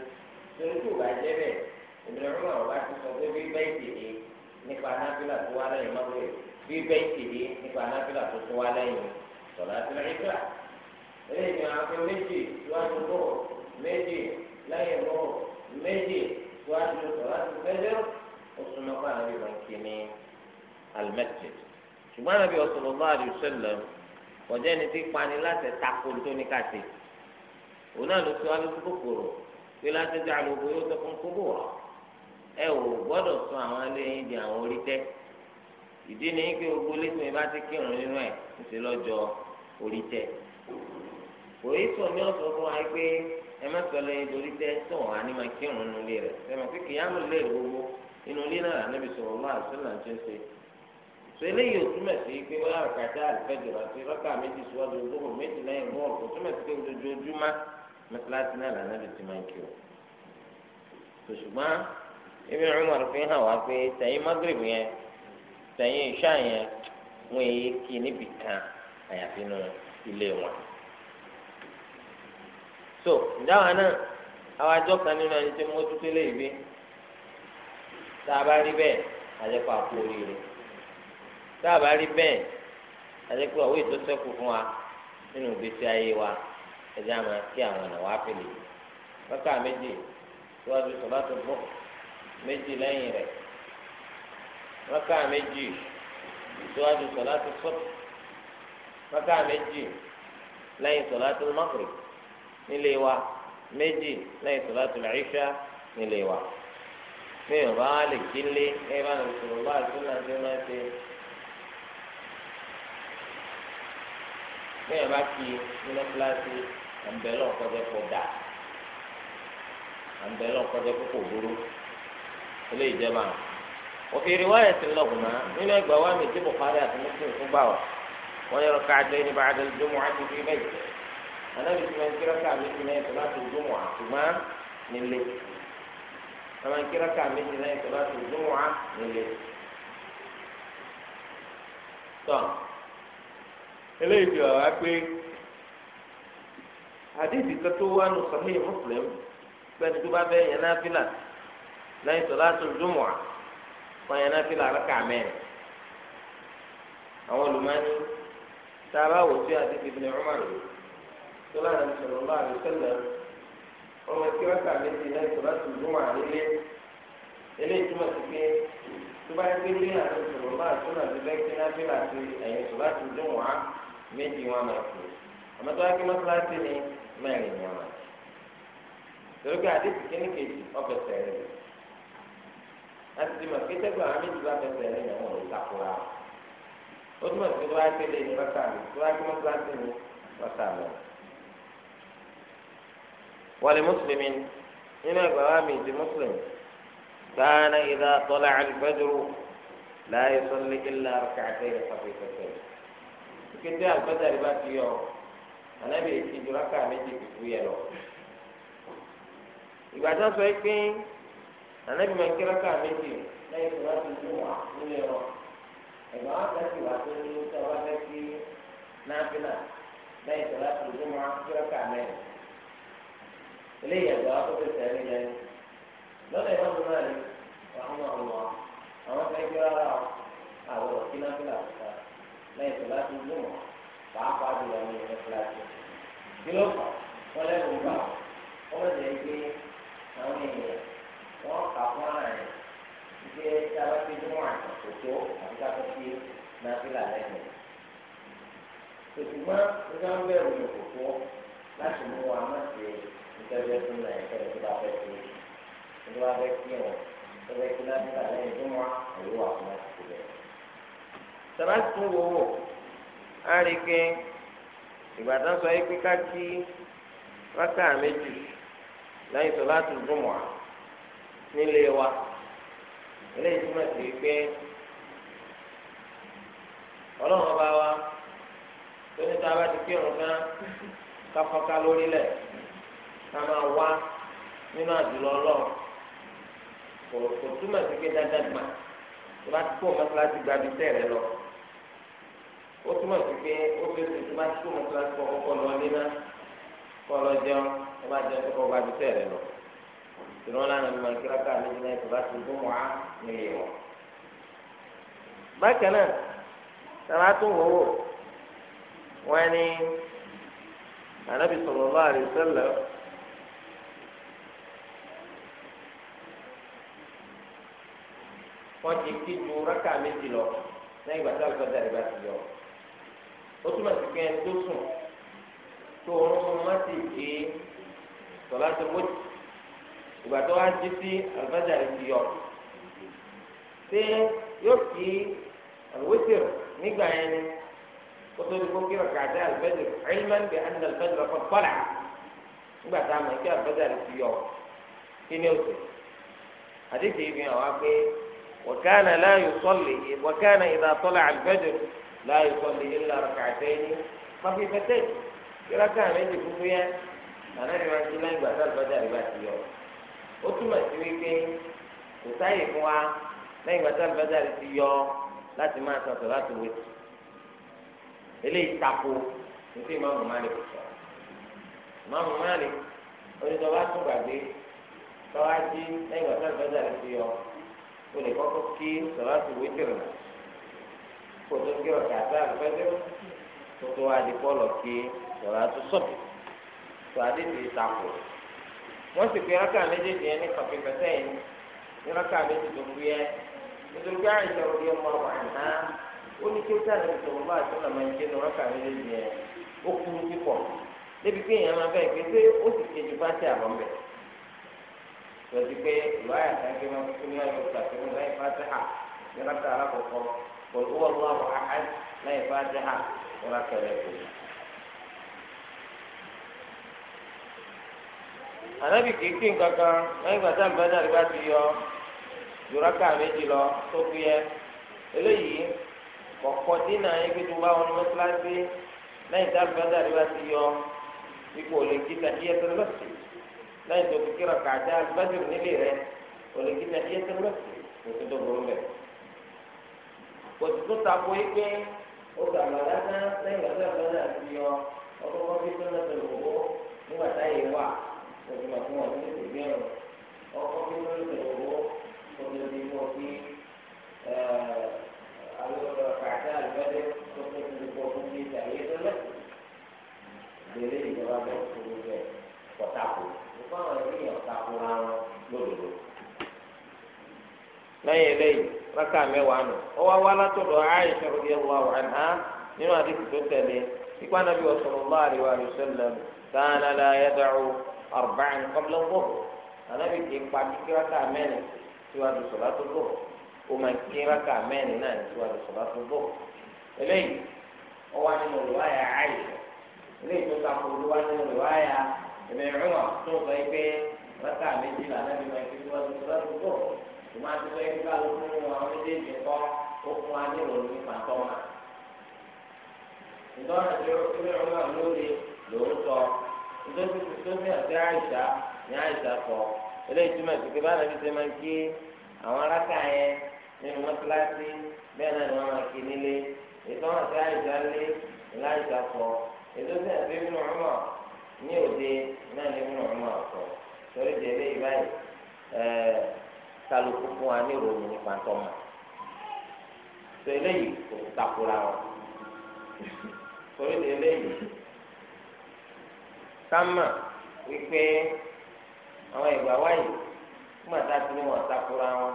Torí kò bá jẹ́ bẹ́ẹ̀, ìbílẹ̀ rúmọ̀ wá ti sọ pé bí bẹ́ẹ̀ tèmi nípa náfíà tó wá lẹ́yìn mọ́tíláṣí bí bẹ́ẹ̀ tèmi nípa náfíà tó tó wá lẹ́yìn sọ̀rọ̀ láti rẹ̀ lẹ́yìn àti méjì síwájú bọ̀ méjì lẹ́yìn bọ̀ méjì síwájú síwájú fẹ́lẹ́ oṣù mọ́kà nàbí wọn kì ní alimẹ́tì ṣùgbọ́n nàbí ọ̀sọ̀rọ̀ bá àdìo sẹ́lẹ̀ ọ̀jẹ́ ni ti pani láti takò tó ní káṣí òun náà ló ti wá lójú kòkòrò pé láti dá àlùkò yóò tó fún kóbó wa ẹ ò gbọ́dọ̀ sún àwọn eléyìí di àwọn orí tẹ́ ìdí ni kí gbogbo lẹ́sìn bá ti kírun nínú ẹ̀ ń ṣe lọ́jọ́ orí tẹ́ òye tó ní ọ̀sọ̀ fún wa pé ẹ má sọ lẹ́yìn torí tẹ́ tó wà ní ma kírun nínú ilé rẹ̀ sẹ́mi pé kìí àmú lé gbogbo inú ilé náà níbi sọ̀rọ̀ ṣe. eléyìí ò sí pé wọ́n á àlùfẹ́jọ àti rọ́kà méjì síwájú gbogbo méjì lẹ́yìn sí pé náà ti máa kírun. ṣùgbọ́n ibi Umar fi hàn wá pé sẹ́yìn magrib yẹn sẹ́yìn ìṣá yẹn wọ́n èyí kí kan ilé wọn. so ìdáhùn náà àwọn àjọ kan nínú ẹni tí mo dúdú lè gbé tá a bá rí bẹ́ẹ̀ àjẹpọ̀ àpò oríire tá a bá rí bẹ́ẹ̀ àjẹpọ̀ àwọn sẹ́kù fún wa nínú ìgbésí ayé wa ẹ̀dá máa kí àwọn ọ̀nà wa fèlè lọ́kà méjì síwájú sọ̀lá tó bọ̀ méjì lẹ́yìn rẹ̀ méjì tó méjì lẹ́yìn tó nílé wa méjì lẹ́yìn sọ̀láàtù làyíṣà nílé wa mi ò bá lè kí lé ẹ bá lè sọ̀rọ̀ bá àti náà ṣe máa ṣe mi ò bá kí nínú kíláàsì àǹbẹ̀lọ̀ kọjá kó dà àǹbẹ̀lọ̀ kọjá kó kò burú ilé ìjẹba òfin riwáyà ti lọ́gùnmá nínú ẹgbàá wa mi ti bùkárí àti mùsùlùmí fún báwa wọ́n yọrọ káàdé ní bàdé jùmọ̀ àti fi bẹ́ẹ̀ jẹ́ anábì tí wọn kíra ká méjì náà tó láti dùn wá ṣùgbọ́n nílé àwọn kíra ká méjì náà tó láti dùn wá nílé. tọ́ eléyìí fi wá pé àdéhìí kan tó wá nù sọ́hìn Muslim pẹ́ẹ́ni tó bá bẹ́ẹ̀ yẹn náà fílà lẹ́yìn tó láti dùn wá wọn yẹn náà fílà rákà mẹ́rin àwọn olùmọ́ni tá a wò sí àdéhìí Ibn Umar rẹ̀ sọlá ní sọlọ́lá àdìsẹ́lẹ̀ ọmọ tí wọ́n kà méjì náà ìtura tó dùn wà nílé eléyìí túmọ̀ sí pé tó bá gbé lé àti sọlọ́lá àdìsẹ́lẹ̀ àti lẹ́kí náà bí láti ẹ̀yìn tó láti dùn wà méjì wọn máa kú àmọ́ tó bá gbé mọ́sálásí ni mẹ́rin ni wọn máa kú. torí pé àdéhùn kíní kejì ọbẹ̀ tẹ̀lé láti ti mọ̀ pé tẹ́gbọ̀n àwọn méjì bá fẹ́ ni àwọn ولمسلم هنا قوامي لمسلم كان إذا طلع الفجر لا يصلي إلا ركعتين خفيفتين كنت الفجر بات يوم أنا بيتي ركعة ميتي في ìgbà tó sọ pé ànábì máa ń kí rákà méjì lẹ́yìn tó bá ti mú wa nílé ẹ̀rọ ẹ̀gbọ́n wa fẹ́ sì wá tó ní tó bá fẹ́ kí náfìlà lẹ́yìn tó bá ti mú wa kí rákà mẹ́rin. eléyìí àgbà akókò sẹ́yìn lẹ́yìn lọ́dọ̀ ìwọ́n tó náà ní ọ̀hún ọ̀hún wọn àwọn fẹ́ gbé rárá o àwọn ọ̀kí náà fi làkúta lẹ́yìn tó láti ń gbìmọ̀ pàápàá jùlọ ní ìwé kíláàsì kí ló fà wọ́n lẹ́nu gbà wọ́n lọ́dọ̀ yìí pé àwọn èèyàn wọ́n kà fún ara rẹ̀ ṣe tábà fi dúnmọ̀ àtòtò àti káfọ́ sí náà fi là lẹ́yìn tòṣùgbọ́n nígbà ń bẹ̀rù ìkòkò láti mú wa má ṣe ìtọ́jú fún náà ẹ̀kẹ́ tó bá fẹ́ sí i tó bá fẹ́ sí wọn tó fẹ́ sí láti ta lẹ́yìn tó wọn àyè wà fún láti ti bẹ̀. sọlá tún wò wò á rí i pé ìgbà tán sọ yìí pé ká kí rákà méjì lẹ́yìn sọlá tún dùn wá nílé wa eléyìí túmọ̀ sí pé ọlọ́run ọba wa tó ní tá a bá ti kí ọ̀run tán ká fọ́nká lórílẹ̀ ká máa wá nínú àdúrà ọlọ́run kò kò túmọ̀ sí pé dáadáa gbà tó bá ti kó mọ́tíláṣí gba bí tẹ̀rẹ̀ lọ ó túmọ̀ sí pé ó fi ṣe tó bá ti kó mọ́tíláṣí kọ́ ọkọ̀ lọ níná kọ́ ọ lọ jẹun tó bá jẹun tó kọ́ gba bí tẹ̀rẹ̀ lọ tìrọ̀ lánàá ni màkìrá ká méjì náà tó bá ti gbó mọ́ á nílé wọn. bákan náà tàbá tó wò wọ́n ní Ànábì sallallahu alaihi wasallam. wọ́n ti kí ju rákà méjì lọ lẹ́yìn ìgbà tí àlùkò dàrí bá ti yọ. ó túmọ̀ sí pé ẹni tó sùn tó oorun má ti ké sọlá tó wọ́n ti ìgbà tó wá jí sí àlùkò dàrí ti yọ. ṣé yóò kí àlùwẹ́sìr nígbà yẹn ni kó tó di kó kí rákà dé àlùfẹ́sìr ẹ̀yìnmán bí àná àlùfẹ́sìr kọ́ kọ́là nígbà tá a mọ̀ kí àlùfẹ́sìr ti yọ kí ni ó sè àdéhùn ìgbìyànjú wa pé. وكان لا يصلي وكان إذا طلع الفجر لا يصلي إلا ركعتين خفيفتين kíra káà méjì fúnfún yẹn ànábi máa ti lẹ́yìn gbàtà àlùbájá àlùbá ti yọ ó túmọ̀ sí wípé kò sáyè fún wa lẹ́yìn gbàtà àlùbájá àlùbá ti yọ láti máa sọ̀tọ̀ láti wé tù eléyìí tako nítorí ìmáàmù Málíkì kò sọ ìmáàmù Málíkì onítọ̀ bá tún gbàgbé tọ́wá jí lẹ́yìn gbàtà àlùbájá àlùbá ti yọ o lè kọ́kọ́ kí sọ̀rọ̀tì wítìrì nà kó o tó kí ọ̀kà àtàlù fẹ́ẹ́ tó tó adìpọ́lọ̀ kí sọ̀rọ̀tì sọ̀bì tó adìsí ìtakò wọ́n sì pé rákà méjèèjì yẹn ní kọ̀pẹ́pẹ́sẹ́ yìí ní rákà méjì tó kú yẹ nítorí pé àìsàn òdi ọmọ wà ná ó ní kí ó sáré ìṣòro bá àti ọ̀nà máa ń ṣe ní rákà méjèèjì yẹn ó kú púpọ̀ débi pé èèyàn máa bẹ́ẹ̀ pé ó sì ṣe ju àbọ̀ mbẹ̀ tọ́jú pé ìwà àyàtọ̀ ẹgbẹ́ máa fi kúnlẹ̀ ọ̀yọ́ tàbí mú láì fàtíhà yọ̀rọ̀ tà alákọ̀ọ́kọ́ kò owó ọlọ́wọ́ àhán láì fàtíhà yọ̀rọ̀ kẹlẹ̀ kù. ànábì kìí kí nǹkan kan lẹ́yìn gbàtà ìbẹ́dà rí bá ti yọ yọ̀rọ̀ ká méjì lọ tó kú yẹ eléyìí kọ̀kọ́ dínà ẹgbẹ́ tó bá wọn mọ́tíláṣí lẹ́yìn tá ìbẹ́dà rí bá ti yọ ipò lè lẹ́yìn tó fi kíra kàdá alùpàdùn nílé rẹ olùkíta iye tó lọ sí oṣù tó burú bẹ. oṣù tó takò yìí pé ó gbà lọ lásán lẹ́yìn ọ̀sẹ̀ lọ́dà ti yọ ọkọ̀ kan fi tó lọ sí òwò nígbà táyé wà oṣù mà fún ọdún tó gbé ẹ̀rọ ọkọ̀ fi tó lọ sí òwò oṣù tí mo fi alùpàdùn kàdá alùpàdùn tó tó ti kọ́ fún mi ìtàgé tó lọ sí. ìgbèrè ìjọba bẹ́ẹ̀ tó lọ bẹ́ẹ̀ pọ̀tàkùn. báwọn ènìyàn takora wọn lódodo. lẹ́yìn eléyìí rákà mẹ́wàá nù ó wá wá látọ̀dọ̀ Aisha radiyallahu anha nínú àdìsí tó tẹ̀lé ikú anabi wa sallallahu alayhi wa sallam kana la yad'u arba'an qabla dhuhr anabi kì í pa kíkí rákà mẹ́rin síwájú ó máa kí rákà mẹ́rin náà síwájú eléyìí ọ wá nínú ìwáyà eléyìí tó nínú ìwáyà. ìbẹ̀rẹ̀ ìrìnà tó sọ pé rákà méjì lànà bí wọn ti fi wọn ti fẹ́ tó tó máa ti sọ pé kálukú àwọn méjèèjì kọ́ ó fún wa ní ìròyìn nípa tọ́mà. ìdọ́nà tí ìbẹ̀rẹ̀ ìrìnà lórí lòún sọ ìdọ́sí tó fi hàn sí àìsà ní àìsà sọ eléyìí túmọ̀ sí pé báyìí ṣe máa ń kí àwọn rákà yẹn nínú mọ́tíláṣí bẹ́ẹ̀ náà ni wọ́n máa kí nílé ìtọ́nà sí àìsà lé ìlà sọ ìdọ́sí àti ìbẹ̀rẹ̀ ní òde náà ní mímọ̀ ọmọ ọ̀tọ̀ torí di eléyìí báyìí ẹ̀ẹ́ kálukú fún wa ní ìròyìn nípa tọ́mọ̀ tó eléyìí kò takora wọn torí di eléyìí sámà wípé àwọn ìgbà wáyé fún àtàkùn ní wọn takora wọn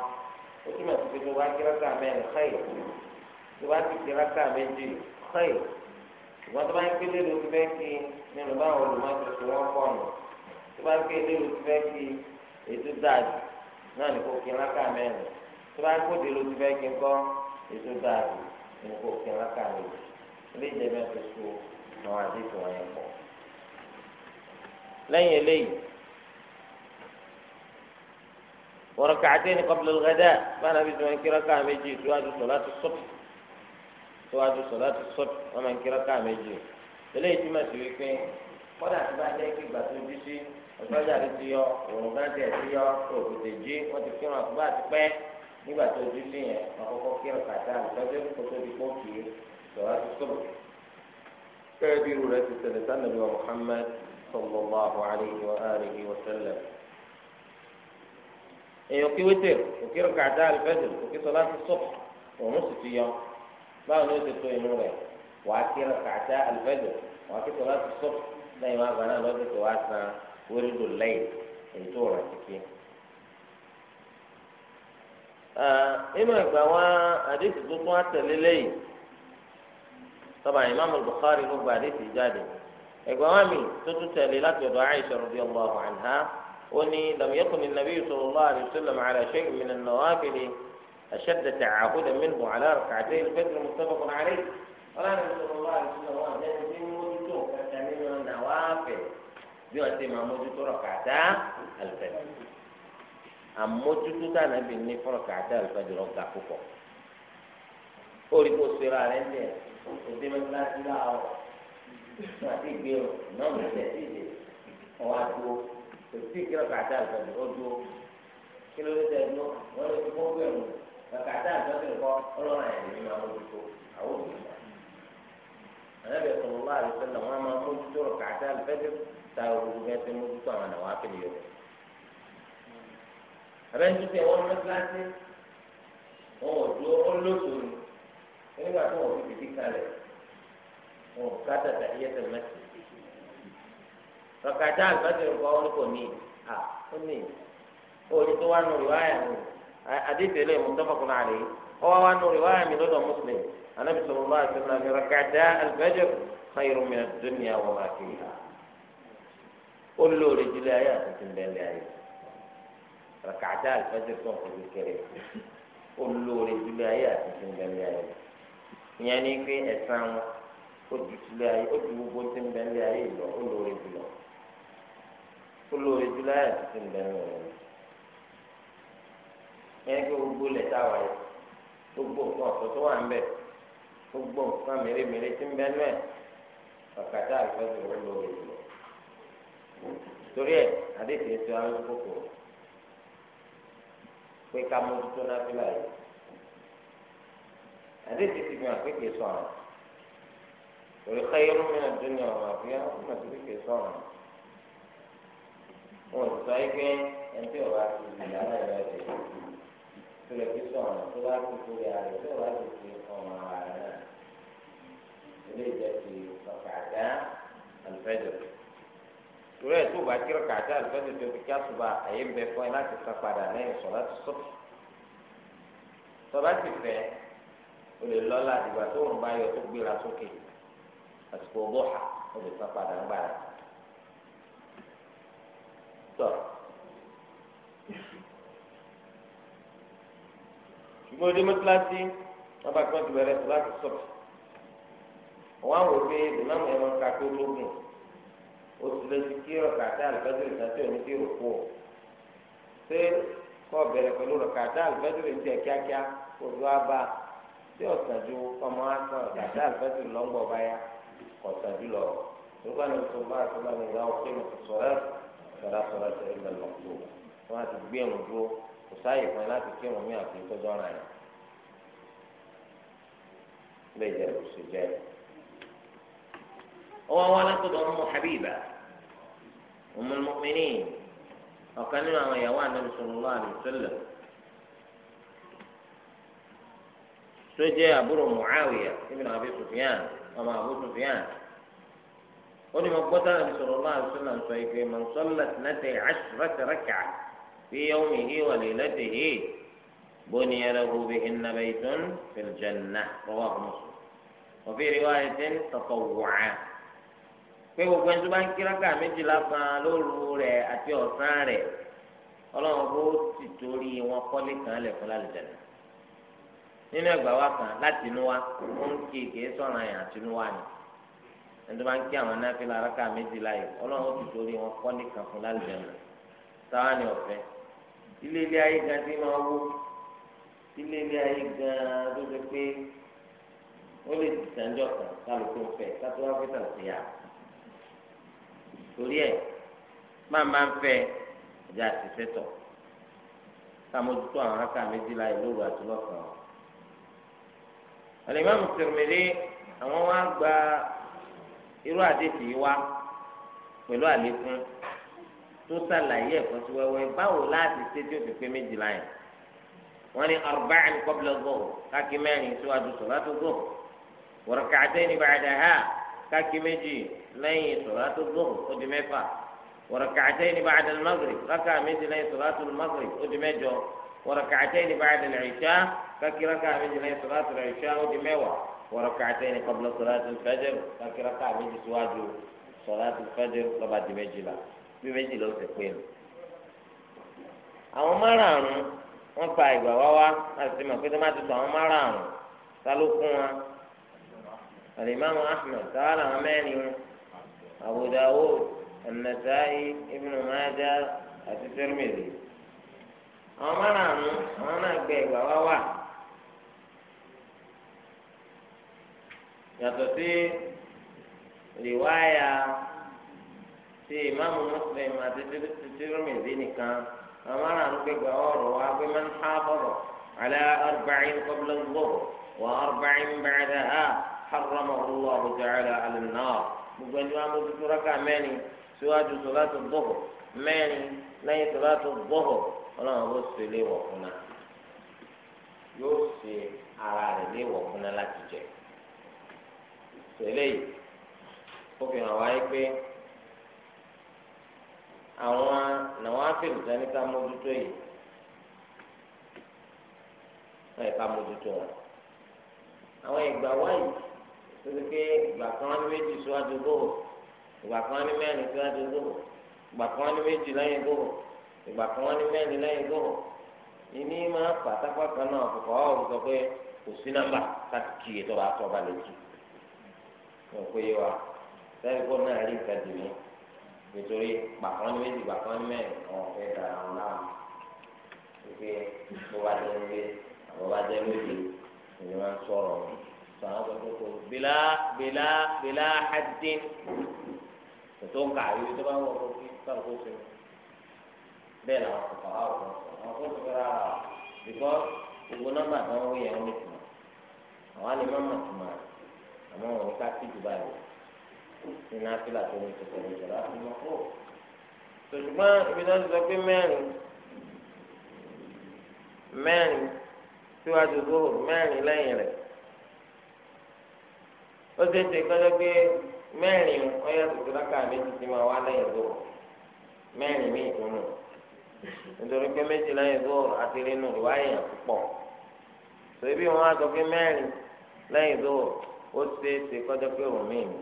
ó túmọ̀ sí pé tó bá kíráta mẹ́rin xẹ́yì tó bá ti kíráta méjì xẹ́yì ṣùgbọ́n tó bá ń pé lélo ti fẹ́ kí nínú báwọn olùmọ̀tòtò wọn pọ̀ nù tó bá ń pé lélo ti fẹ́ kí ètò dáàbò náà ní kò kí ń lákà mẹ́rin tó bá ń pé lélo ti fẹ́ kí ń kọ́ ètò dáàbò ní kò kí ń lákà mẹ́rin ilé ìjẹ̀bẹ̀ tó so àwọn àdéhùn wọn yẹn pọ̀. lẹ́yìn eléyìí wọ́n rọ̀ kàdé ní kọ́pìlì ọ̀gádà bá nàbí tí wọ́n kí rákà méjì ìtúwájú sọ̀ láti sọ́pì síwájú sọlá ti sọ wọn máa ń kí rákà méjì o eléyìí túmọ̀ sí wípé kọ́dà tí bá jẹ́ kí ìgbà tó jí sí ọ̀sọ́jà ti ti yọ òun náà tẹ̀ sí yọ òkùtè jí wọ́n ti kírun àtúbà ti pẹ́ nígbà tó jí sí yẹn àkọ́kọ́ kírun kàtà ìtọ́jú kótó ti pọ̀ kì í sọlá ti sọ kẹ́ẹ́ bí irú rẹ̀ ti tẹ̀lé sanabi wa Muhammad sallallahu alayhi wa alihi wa sallam èèyàn kí wétè òkè rákà àdá ti sọ òun sì ti yọ báwo ni ó ti tó inú rẹ̀ wàá kí rakata alifẹ́dọ̀ wàá kí sọlá ti sọ lẹ́yìn wá gbaná lọ́dún tó wá san wíńdò lẹ́yìn èyí tó rà kíkí. nínú ìgbà wa àdéhùn tó tún àtẹ̀lé lẹ́yìn tọ́ba ìmáàmù Bukhari ló gba àdéhùn jáde ẹgbẹ́ wa mi tó tún tẹ̀lé láti ọ̀dọ̀ Aisha radiyallahu anha ó ní lam yakun an-nabiy sallallahu alayhi wa sallam أشد تعاهدا منه على ركعتي الفجر متفق عليه قال النبي صلى الله عليه وسلم الذي موجته فتعمل النوافل بيأتي ما موجته ركعتا الفجر àmójútó tànà bí ní fọlọkà àti àlùfáàjì lọ ga púpọ̀ orí kò sèrè àrẹ ń bẹ òde mẹ́ta ti rà ọ àti ìgbéró náà mi tẹ sí ìdè ọwọ́ àdúró òsì kí lọkà àti àlùfáàjì ó dúró kí ló dé tẹ dúró wọn lè fi fọwọ́ bẹ̀rù bàkàtà àjọṣe nǹkan ọlọ́run ẹ̀ lèmi máa mójútó àwọn òbí wa. ànábì ọ̀sán wà lóṣù náà wọ́n máa mójútó bàkàtà àlùfẹ́dẹ́ ta òwúrò bẹ́ẹ̀ ti mójútó àwọn àwọn akéde yòókù. àbẹ́ntú tẹ wọ́n mẹ́tíláṣí wọn ò dúró ó lóṣù ni nígbà tó wọn fi fìdí kalẹ̀ wọn ò ká tàtà iyẹ́sẹ̀ mẹ́tì. bàkàtà àlùfẹ́dẹ́ nǹkan ó حديث إليه متفق عليه هو أنه رواية من لدى مسلم النبي صلى الله عليه وسلم في ركعتا الفجر خير من الدنيا وما فيها قل له رجل آيات تنبين لآيات ركعتا الفجر تنقل الكريم قل له رجل آيات تنبين لآيات يعني في إسلام قد تلاقي قد يكون تنبين لآيات قل له رجل قل له رجل آيات تنبين لآيات yẹn kí gbogbo lẹ̀ tá a wáyé gbogbo nǹkan ọ̀tọ̀ tó wà ń bẹ̀ gbogbo nǹkan mèremère tí ń bẹ náà kàkàtà àgbẹ̀dẹ̀ ló lọ òye lọ. torí ẹ̀ adéke tó a ń kókò pé ká mójútó náà fi láàyè adéke ti fi hàn pé kìí sọ àwọn torí xeyírú mi náà dúnìá ọ̀rọ̀ àfihàn ó mà ti fi kìí sọ àwọn wọn ò sọ yìí pé ọba ti lè lálẹ́ rẹ̀ tẹlẹ fi sọ ọ̀nà tó bá ti torí ara rẹ̀ tó bá ti fi ọ̀nà ara náà ilé ìjẹ́ ti ọ̀kadà alifẹ́dọ̀ torí ẹ̀ tó bá kí ọ̀kadà alifẹ́dọ̀ tó fi kí àtúbà àyè ń bẹ fún ẹ láti sá padà lẹ́yìn sọ láti sọ tọ́ba ti fẹ́ o lè lọ́la àdìgbà tó ń bá yọ tó gbéra sókè àsìkò ọgbọ́ha o lè sá padà ń gbàdá tọ́. ìgbà òde mọ́tíláṣí wọn bá kí wọ́n ti bẹ̀rẹ̀ láti sọ̀tù wọn àwọn òbí ìdùnnàmù ẹ̀rọ kakó lóògùn oṣù lẹ́sìn kí rọ̀kàtà àlùfẹ́sẹ̀ ìdájọ́ ẹni tí rò pọ̀ ṣé kọ́ bẹ̀rẹ̀ pẹ̀lú rọ̀kàtà àlùfẹ́sẹ̀ ìdí ẹ̀ kíákíá kò tó wá bá tí ọ̀sán ju ọmọ asán rọ̀kàtà àlùfẹ́sẹ̀ lọ́ngbọ̀ bá ọ̀sán jù lọ nígbà náà tó bá tó bá nígbà kò sáàyè fún ẹ láti kí wọn ní àfi tọjọ ara yẹn lè jẹ oṣù jẹ ọ wa wá látọ̀dọ̀ ọmọ Habiba Ummul Mu'minin ọ̀kan nínú àwọn ìyàwó Ànábì sallallahu alaihi wasallam tó jẹ àbúrò Muawiya ibn Abi Sufyan ọmọ Abu Sufyan ó ní mo gbọ́dọ̀ Ànábì sallallahu alaihi wasallam sọ ìgbé man sallat natay ashrata rak'ah. في يومه وليلته بني له بهن بيت في الجنة رواه مسلم وفي رواية تطوعا pé gbogbo ẹni tó bá ń kí rákà méjìlá kan lóru rẹ̀ àti ọ̀sán rẹ̀ ọlọ́run bó ti torí wọn kọ́lé kan lẹ̀ fún lálùjáde nínú ẹgbà wa kan láti inú wa ó ń kí kìí sọ̀rọ̀ àyàn àti inú wa ni ẹni bá ń kí àwọn náfìlà rákà méjìlá yìí ọlọ́run ó ti torí wọn kọ́lé kan fún lálùjáde táwa ni ọ̀fẹ́ ilé ilé ayé gan ti máa wó ilé ilé ayé gan tó ṣe pé ó lè dìtànjọ kan kálukú fẹ́ kátó wá fẹ́ tàn sí yà torí ẹ máa máa ń fẹ́ ẹjẹ àṣìṣe tọ sàmójútó àwọn aká méjìlá yìí lóru alimami Tirmidhi àwọn wá gba irú àdéhùn yìí wá pẹ̀lú àlékún tó sàlàyé ẹ̀kọ́ sí wẹ́wẹ́ báwo láti ṣe tí ó fi pé méjìlá yẹn wọ́n ní arba'in qabla dhuhr káàkiri mẹ́rin síwájú salatu dhuhr wa rak'atayni ba'daha káàkiri méjì lẹ́yìn salatu dhuhr ó di mẹ́fà wa rak'atayni ba'da al-maghrib rákà méjì lẹ́yìn salatu al-maghrib ó di mẹ́jọ wa rak'atayni ba'da al-isha káàkiri rákà méjì lẹ́yìn salatu al ó di mẹ́wàá wa rak'atayni bí méjì ló ti pé nù. àwọn márààrún wọn fa ìgbà wá wá láti mọ̀ pé tó má ti sọ àwọn márààrún ta ló kún wa alimami ahmed ta wà láwọn mẹ́rin abu dawud an-nasa'i ibnu majah àti tirmidhi àwọn márààrún àwọn náà gbé ìgbà wá wá. yàtọ̀ sí rìwáyà ti ìmáàmù Muslim àti tìrìmìzì nìkan àwọn aráàlú gbẹgbẹ ọ̀rọ̀ wa gbé máa ń há bọrọ alẹ arba'in qabla zuhr wa arba'in ba'daha haramahu Allah ta'ala al-nar gbogbo ẹni wọn mójú tó rákà mẹ́rin síwájú sọláàtù zuhr mẹ́rin lẹ́yìn sọláàtù zuhr Ọlọ́run bó ṣe lé wọ fúnna yóò ṣe ara rẹ̀ lé wọ fúnna láti jẹ tẹ́lẹ̀ yìí ó fi hàn wáyé pé. àwọn làwọn afẹ́lù sani ká mójútó yìí ká mójútó wọn. àwọn ìgbà wáyé tó pé ìgbà kan ní méjì síwájú ìgbà kan ní síwájú ìgbà kan ní méjì ìgbà kan ní ìní máa pàtàkì sọ pé kò sí láti kí ètò nítorí gbàkan ní méjì gbàkan ní mẹ́rin àwọn ọ̀fẹ́ dara wọn láàmú wípé bó bá jẹ́ wípé àbọ̀ bá jẹ́ méjì ni wọ́n sọ̀rọ̀ sọ àwọn ọ̀fẹ́ tó bílá bílá bílá hadin tó ń kà yìí tó bá wọ̀ kó kí sọ̀rọ̀ kó sinmi bẹ́ẹ̀ làwọn kọ̀ọ̀kan wà wọ̀ àwọn kó sọ̀rọ̀ rà bíkọ́ gbogbo nọ́mbà tó ń wí yẹn ń mìtìmọ̀ àwọn alẹ́ mọ́ mọ̀tìmọ̀ àmọ́ wọn ká sí Dubai nínú afílà tó ní ti pẹ̀lú ìjọba àmọ́kò. ṣùgbọ́n ibi náà ti sọ pé mẹ́rin mẹ́rin síwájú zoro mẹ́rin lẹ́yìn rẹ̀ ó ṣe é ṣe kọ́jọ́ pé mẹ́rin ọ̀yà tuntun lákà méjì ti máa wá lẹ́yìn zoro mẹ́rin míì tó nù nítorí pé méjì lẹ́yìn zoro àti rinu ìwáyà púpọ̀ ṣèbí wọn á sọ pé mẹ́rin lẹ́yìn zoro ó ṣe ṣe kọ́jọ́ pé òun míì nù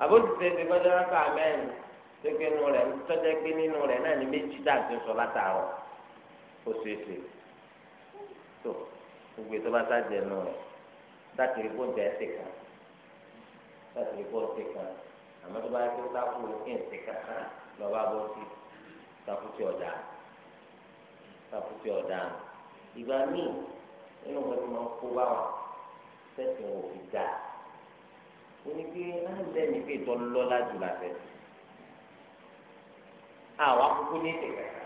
àbójútó ti fẹjọ́ rákà mẹ́rin pépé nínú rẹ̀ tọ́jẹ́ pé nínú rẹ̀ náà ní méjì dàbí sọ látàárọ̀ ó ṣeé ṣe tó gbogbo ètò bá sáàjẹ nù rẹ̀ láti rí kó jẹ́ ẹsẹ̀ kan láti rí kó ẹsẹ̀ kan àmọ́ tó bá yẹ kó sáfù kí ẹsẹ̀ kan lọ́ba bọ́ sí sáfù tí ọ̀dà sáfù tí ọ̀dà ìgbà míì nínú ìgbà tí wọ́n kó bá wọn sẹ́sìn òfin dáa òní pé láńlẹ́ ní pé ìtọ́ lọ́lá jù láfẹ́ àwọn akókó ní èdè kàkà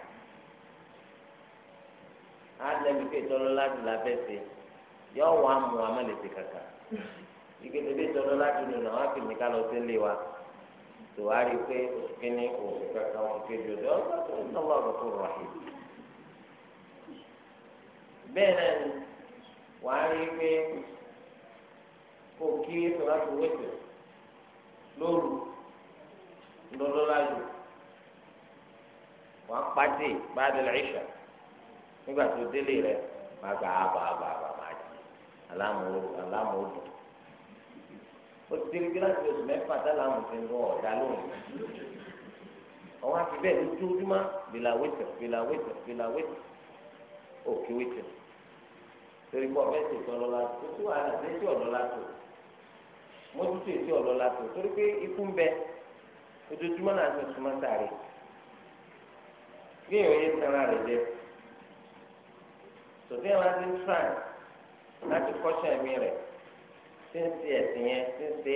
láńlẹ́ ní pé ìtọ́ lọ́lá jù láfẹ́ sí yọ wà á mú amálẹ̀tẹ̀ kàkà ìgbésẹ̀ bí ìtọ́ lọ́lá jù nù náà wá fi mí ká lọ sí ilé wa tó wá rí i pé oṣù kínní oṣù kàkà oṣù kejì ọ̀dọ́ ọ̀dọ́ ọ̀dọ́ tó rọ̀ àyè bẹ́ẹ̀ náà wà á rí i pé kó kí sọlá tó wẹsẹ lóru ńlọlọlájú wọn pàdé báyìí lọ ìṣà nígbà tó délé rẹ má gbà á bà á bà á bà má jì alámòódù alámòódù ó ti délé gíláàsì oṣù mẹ́fà tálámù ti ń lọ ọ̀dà lónìí ọwọ́ àti bẹ́ẹ̀ lójoojúmọ́ bìlà wẹ́tẹ̀ bìlà wẹ́tẹ̀ bìlà wẹ́tẹ̀ òkè wẹ́tẹ̀ torí pé ọ̀fẹ́ ṣètò ọlọ́lá tó tó àlàdé tí ọ̀dọ́lá tó mójútó èsì ọ̀dọ́ la tó torí pé ikú ń bẹ ojoojúmọ́ náà ti súnmọ́ sáré bí èèyàn yé sanra rẹ̀ jẹ sòtí ẹ̀ máa ti ń tàn láti kọ́ṣọ́ ẹ̀mí rẹ̀ tí ń ṣe ẹ̀sìn yẹn tí ń ṣe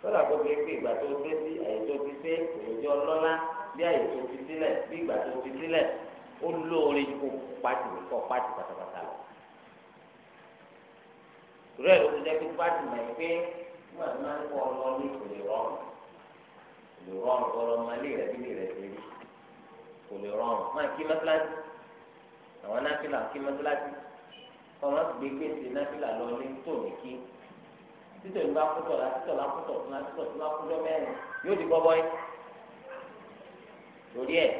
kọ́dà kó fi pé ìgbà tó dé sí àyè tó ti dé òjò ọlọ́lá bí àyè tó ti sílẹ̀ bí ìgbà tó ti sílẹ̀ ó lóore kó pàtì kọ́ pàtì pátápátá lọ. ìrẹ́ ló ti jẹ́ pé pàtì mọ̀ ẹ́ pé nígbà tí wọ́n á kọ́ ọ lọ ní ìpìlẹ̀ rọrùn ìpìlẹ̀ rọrùn kọ́ lọ máa lé ìrẹ́bílẹ̀ rẹ̀ ṣe rí kò lè rọrùn máa kí mẹ́tíláṣí àwọn náfìlà kí mẹ́tíláṣí kọ́ máa gbé gbèsè náfìlà lọ ní tòní kí títọ̀ ìgbà kútọ̀ la títọ̀ la kútọ̀ fún la títọ̀ fún la kútọ̀ mẹ́rin yóò di bọ́bọ́ yìí torí ẹ̀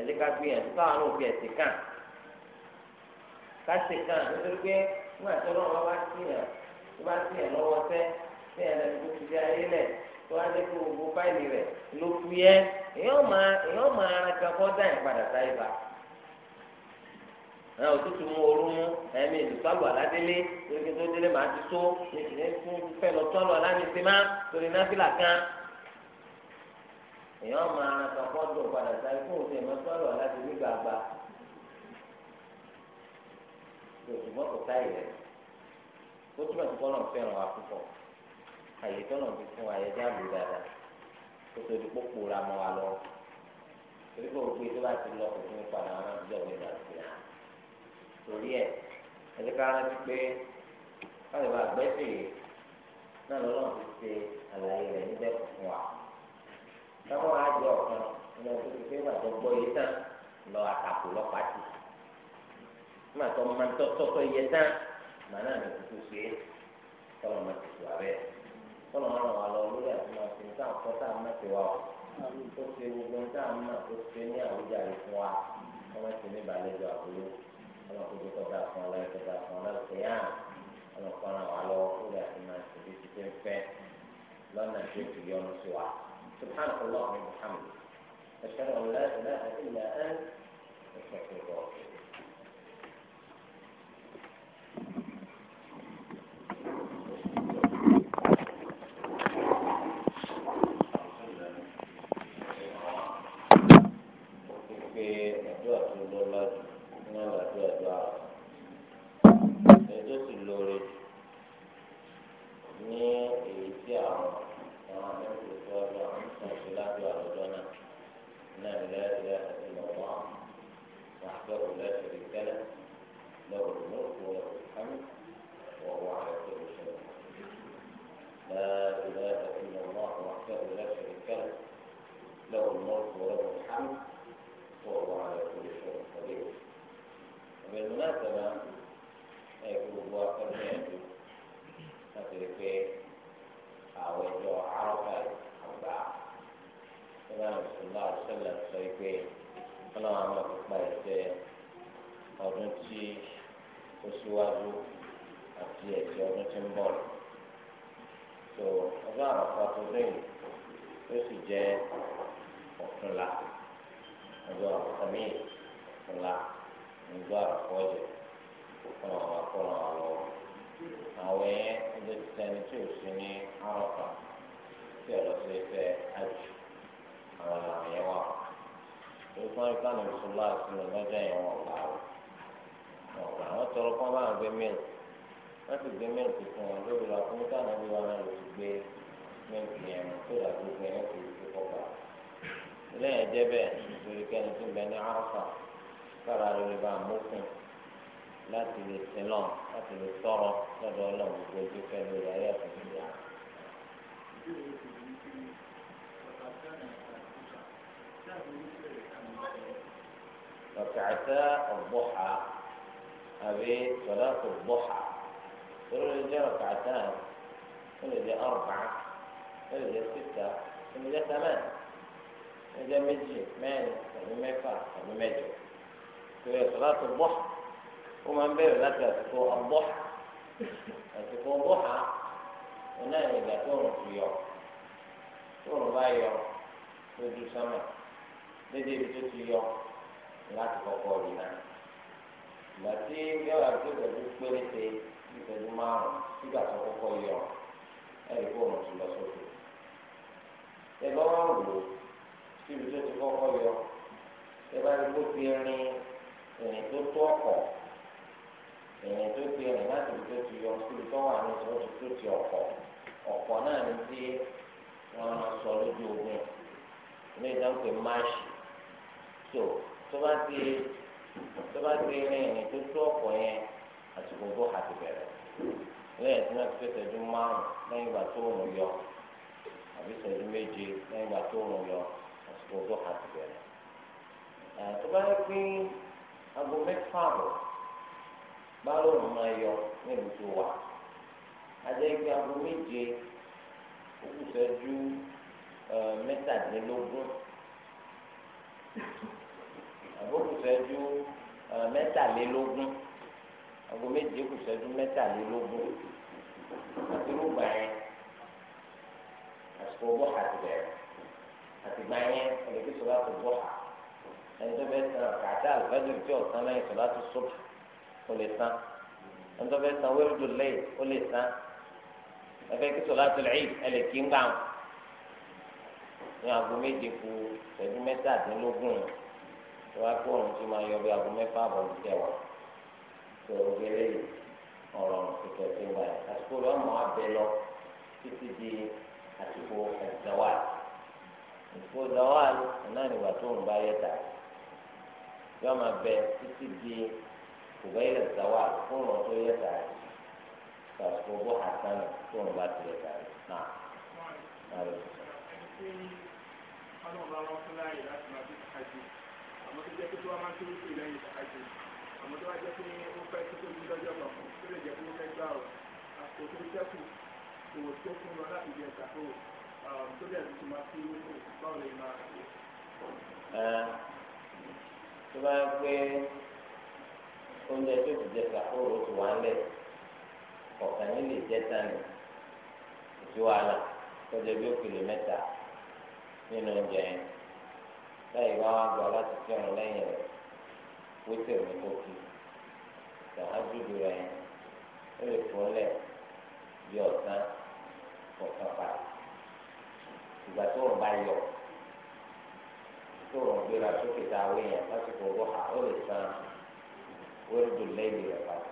ẹ̀dí ká gbìyànjú káwọn náà fi ẹ̀sìn kàn ká ṣe kàn nítorí pé nígbà tí ọlọ́run bá bá sí yàn bá sí yàn lọ́wọ́ sẹ́ẹ́ ní ẹ̀rọ tó ti di ayé lẹ̀ tó wá dé kó gbogbo fáìlì rẹ̀ ló fi yẹ èèyàn máa èèyàn máa ara kan kọ́ dá ìpadà sáyé bá ẹ òtútù mú ooru mú ẹ̀mí ìdùságbò aládélé torí kí n tó délé màá ti tó fẹ́ lọ tọ́ lọ láti má torí náfìlà kan èèyàn máa ara kan kọ́ dùn padà sáyé fún ẹ̀mọ́ tọ́ lọ láti gbàgbà àyè tọ́nà fi fún wa ẹja lù dáadáa kó tó di kpókpó ra mọ́ wa lọ torí kò gbé tó bá ti lọ kò tó ń padà wọn láti dọ̀gbìn náà sí i torí ẹ ẹjẹ ká rántí pé káyọ̀ bá gbẹ́sì náà lọ́nà ti ṣe àlàyé rẹ̀ níbẹ̀ fún wa táwọn àjọ ọ̀kan lọ sí pé bàtọ́ gbọ́ yìí tán lọ àtàkù lọ́pàá tì nígbà tó máa tọ́tọ́tọ́ yẹ tán màá náà ní tuntun ṣe é tọ́lọ́ abẹ́ rẹ̀ kọ́nà máa ràn wá lọ lórí àti máa fi nǹkan àkọ́ tá a máa ti wá o tó ṣe gbogbo nǹkan àmì náà tó ṣe ní àwùjáde fún wa ọmọ ti ní ìbàlejò àbúrò ọmọ kò tó kọjá fún ọlá ìkọjá fún ọlá ìkẹyàn ọmọ kọ́ ràn wá lọ lórí àti máa ti ṣe ń fẹ́ lọ́nà tí ó fi yọnu sí wa subhanahu wa ta'ala muhammed ashhadu an la ilaha illa anta astaghfiruka sọlá àfihàn lọ́jọ́ yẹn wọn gbà ó wọn gbà wọn tọrọ kọ́ bá wọn gbé mílì wọn sì gbé mílì tuntun wọn lórí la fún mítà náà bí wọn náà lọ sí gbé mílì yẹn tó dà gbogbo yẹn kò tó kọ́ gbà. ilé yẹn jẹ́ bẹ́ẹ̀ nítorí kẹ́ni tó bẹ ní arọ́fà kára lórí bá mọ́kùn láti lè sílọ̀ láti lè sọ̀rọ̀ lọ́dọ̀ ọlọ́run gbogbo ojú fẹ́ lórí ayé àtúntò Thank you. ركعتا الضحى هذه صلاة الضحى يقولون لي ركعتان يقولون لي أربعة يقولون لي ستة يقولون لي ثمان لي مجي ماني يعني ما يفعل يعني ما يجي يقول صلاة الضحى وما نبير لك تكون الضحى تكون الضحى هنا إذا تكون في يوم تكون باي يوم تجي سمع تجي في يوم láti kọ́kọ́ rí náà ìgbà tí yọ̀wá tó ìgbàdú péréte ìgbàdú márùn nígbà tó kọ́kọ́ yọ ẹ̀rí kó òun ti lọ sókè ẹ bá wà wò ó síbi tó ti kọ́kọ́ yọ ẹ bá rí kó ti rin ìrìn tó tó ọkọ̀ ìrìn tó ti rìn láti ibi tó yọ síbi tó wà ní ìṣòro tó ti ọkọ̀ ọkọ̀ náà ní tí wọ́n sọ lójú ogun ní ìdáhùn pé máàṣì tó tó bá ti tó bá ti rìn ìrìn tó tó ọ̀pọ̀ yẹn àsìkò bó àti bẹ̀rẹ̀ lẹ́yìn tí wọ́n ti fẹ́ tẹ̀dú márùn lẹ́yìn ìgbà tó òun yọ àbí tẹ̀dú méje lẹ́yìn ìgbà tó òun yọ àsìkò bó àti bẹ̀rẹ̀ tó bá yẹ pé aago mẹ́fà àbọ̀ bá máa yọ nílùú tó wà adé gbé aago méje òkú sẹ́jú mẹ́tàdínlógún àbókùsẹ́jú mẹ́tàlélógún aago méje kùsẹ́jú mẹ́tàlélógún àtirúgba yẹn àsìkò bọ́ àti bẹ̀rẹ̀ àtìgbà yẹn ọ̀lẹ́bí sọ̀rọ̀ àti bọ́ à ẹni tó bẹ́ẹ̀ san kàtà àlùfáàjò tí ọ̀sán lẹ́yìn sọ̀rọ̀ àti sọ̀rọ̀ ó lè san ẹni tó bẹ́ẹ̀ san wẹ́rẹ́dù lẹ́yìn ó lè san ẹfẹ́ kí sọ̀rọ̀ ní aago méje kù ìṣẹ́jú mẹ́tàdínlógún yẹn wọ́n á kó ọ̀run tí máa yọ bí aago mẹ́fà àbọ̀ ní tẹ̀wọ̀ tó o gbélé ọ̀rọ̀ ìfẹ́ tó wà yìí àsìkò rẹ̀ ọmọ abẹ lọ títí di àsìkò ẹ̀dáwà àsìkò ẹ̀dáwà náà nígbà tó ń bá yẹ ta yọ ọmọ abẹ títí di ìgbẹ́yìn ẹ̀dáwà fún ọ̀rọ̀ tó yẹ ta àsìkò bó àtàn tó ń bá tilẹ̀ ta náà àmọ́ tó jẹ́ pé tí wọ́n máa ń kéré sí lẹ́yìn ìṣàkáṣe àmọ́ tó wá jẹ́ pé ó fẹ́ tó tóbi lọ́jọ́ kan tó lè jẹ́ pé ó fẹ́ gbà ọ̀ àpò tó sẹ́kù òwò tó fún lọ láti jẹ ìṣàkó tó bẹ̀rẹ̀ tó ti máa fi wípé báwo lè máa ṣe. tó bá yẹ oúnjẹ tó ti jẹ ìṣàkó ó ti wá lẹ̀ ọ̀kan ní lè jẹ́ tani ìṣúwàlà tó jẹ bí ó kìlè mẹ́ta nínú oúnjẹ yẹn lẹ́yìn bá wà gbà láti kírun lẹ́yìn rẹ̀ wípé mi tó kí tàájúdù rẹ̀ ó lè fún lẹ̀ bí ọ̀sán kọ̀ọ̀kan pàtó ìgbà tó rùn bá yọ tó rùn gbéra sókè tá a wé yẹn lásìkò owó ha ó lè san wíńdò lẹ́yìn rẹ̀ pàtó.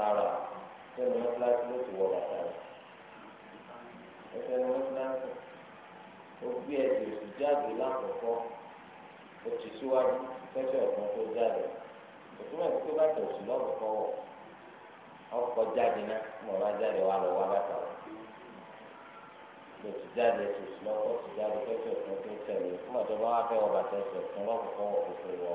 rárá sẹ́nu mọ́tíláṣí ló ti wọ bàtà rẹ̀ ẹsẹ̀ ni mọ́tíláṣí ó gbé ẹsẹ̀ òsì jáde lákòókò ó ti síwájú fẹsẹ̀ ọ̀gbọ́n tó jáde òtún ẹ̀sìn tó bàtà òsì lọ́kòókò wọ̀ ọkọ̀ jáde náà mọ̀ bá jáde wà lọ́wọ́ bàtà rẹ̀ ló ti jáde ẹsẹ̀ òsì lọ́kọ̀ ti jáde fẹsẹ̀ ọ̀gbọ́n tó tẹ̀lé fún ọ̀dọ́ bá wà fẹ́ wọ bàtà ẹsẹ̀ ọ̀gbọ́n lọ́kòókò wọ̀ kó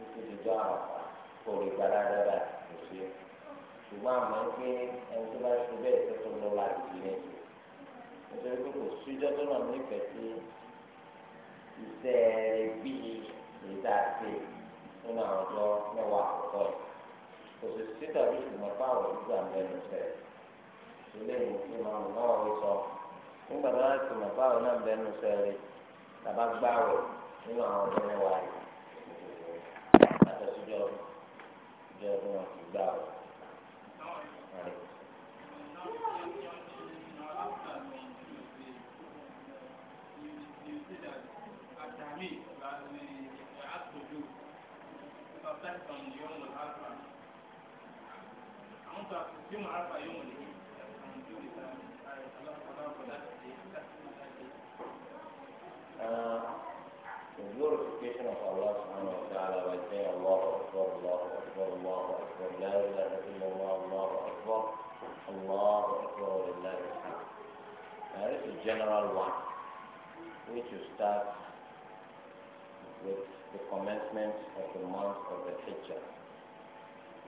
nítorí ìjọ àwọn kò lè gbà dáadáa kò sí ṣùgbọ́n àmọ́ pé ẹni tó bá ṣe bẹ́ẹ̀ tó tó lọ láti fi ní nítorí pé kò síjọ́ tó náà nífẹ̀ẹ́ sí iṣẹ́ bí ìdá ṣe nínú àwọn ọjọ́ mẹ́wàá àkọ́kọ́ yìí kò sì sí tàbí ìgbìmọ̀ fáwọn ìgbà mẹ́rin sẹ́ẹ̀ ilé ìwòsàn máa ń náà wọ́n sọ nígbà tó láti mọ̀ fáwọn náà mẹ́rin sẹ́ẹ̀ tàbá gbáwẹ̀ nínú àwọn ọjọ́ mẹ́wàá yìí ọjọ́ ọjọ́ ọdún wọn ti gbà ọ. Thank you. Allah this is general one, which you start with the commencement of the month of the teacher.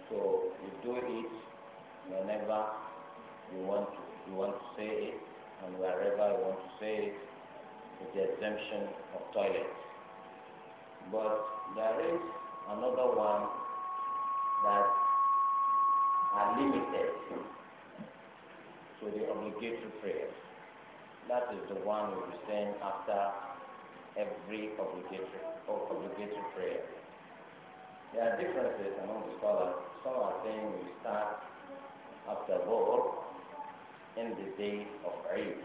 So you do it whenever you want to, you want to say it, and wherever you want to say it, with the exemption of toilets. But there is another one that are limited to the obligatory prayers. That is the one we will send after every obligatory or oh, obligatory prayer. There are differences among the scholars. Some are saying we start after Dhuhr in the day of Eid.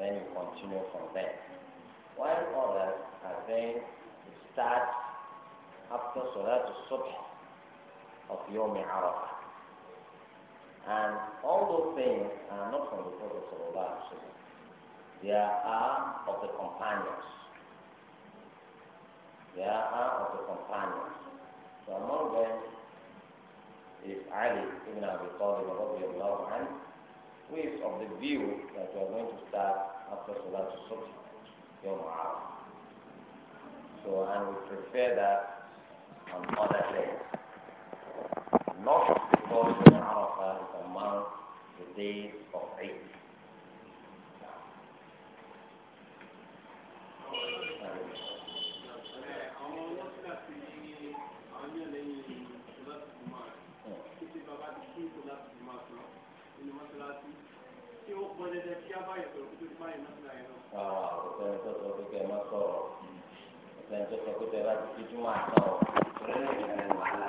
Then you continue from there. While others are saying we start after Salat al-Subh of Yom Arafah. And all those things are not from the Prophet of Alaihi They are of the companions. They are of the companions. So among them is Ali ibn Abi Talib radiallahu anhu, who is of the view that we are going to start after Salat Subh, Yom So, and we prefer that on other days. Not called Ibn Arafah is a month, the day of eight. Rárá, ọ̀sẹ̀ tó sọ pé kẹ́ ẹ má sọ̀rọ̀. Ọ̀sẹ̀ tó sọ pé kẹ́ ẹ bá ti fi júmọ̀ àtọ̀. Ìrẹ́lẹ̀ ìrẹ́lẹ̀ wàhálà.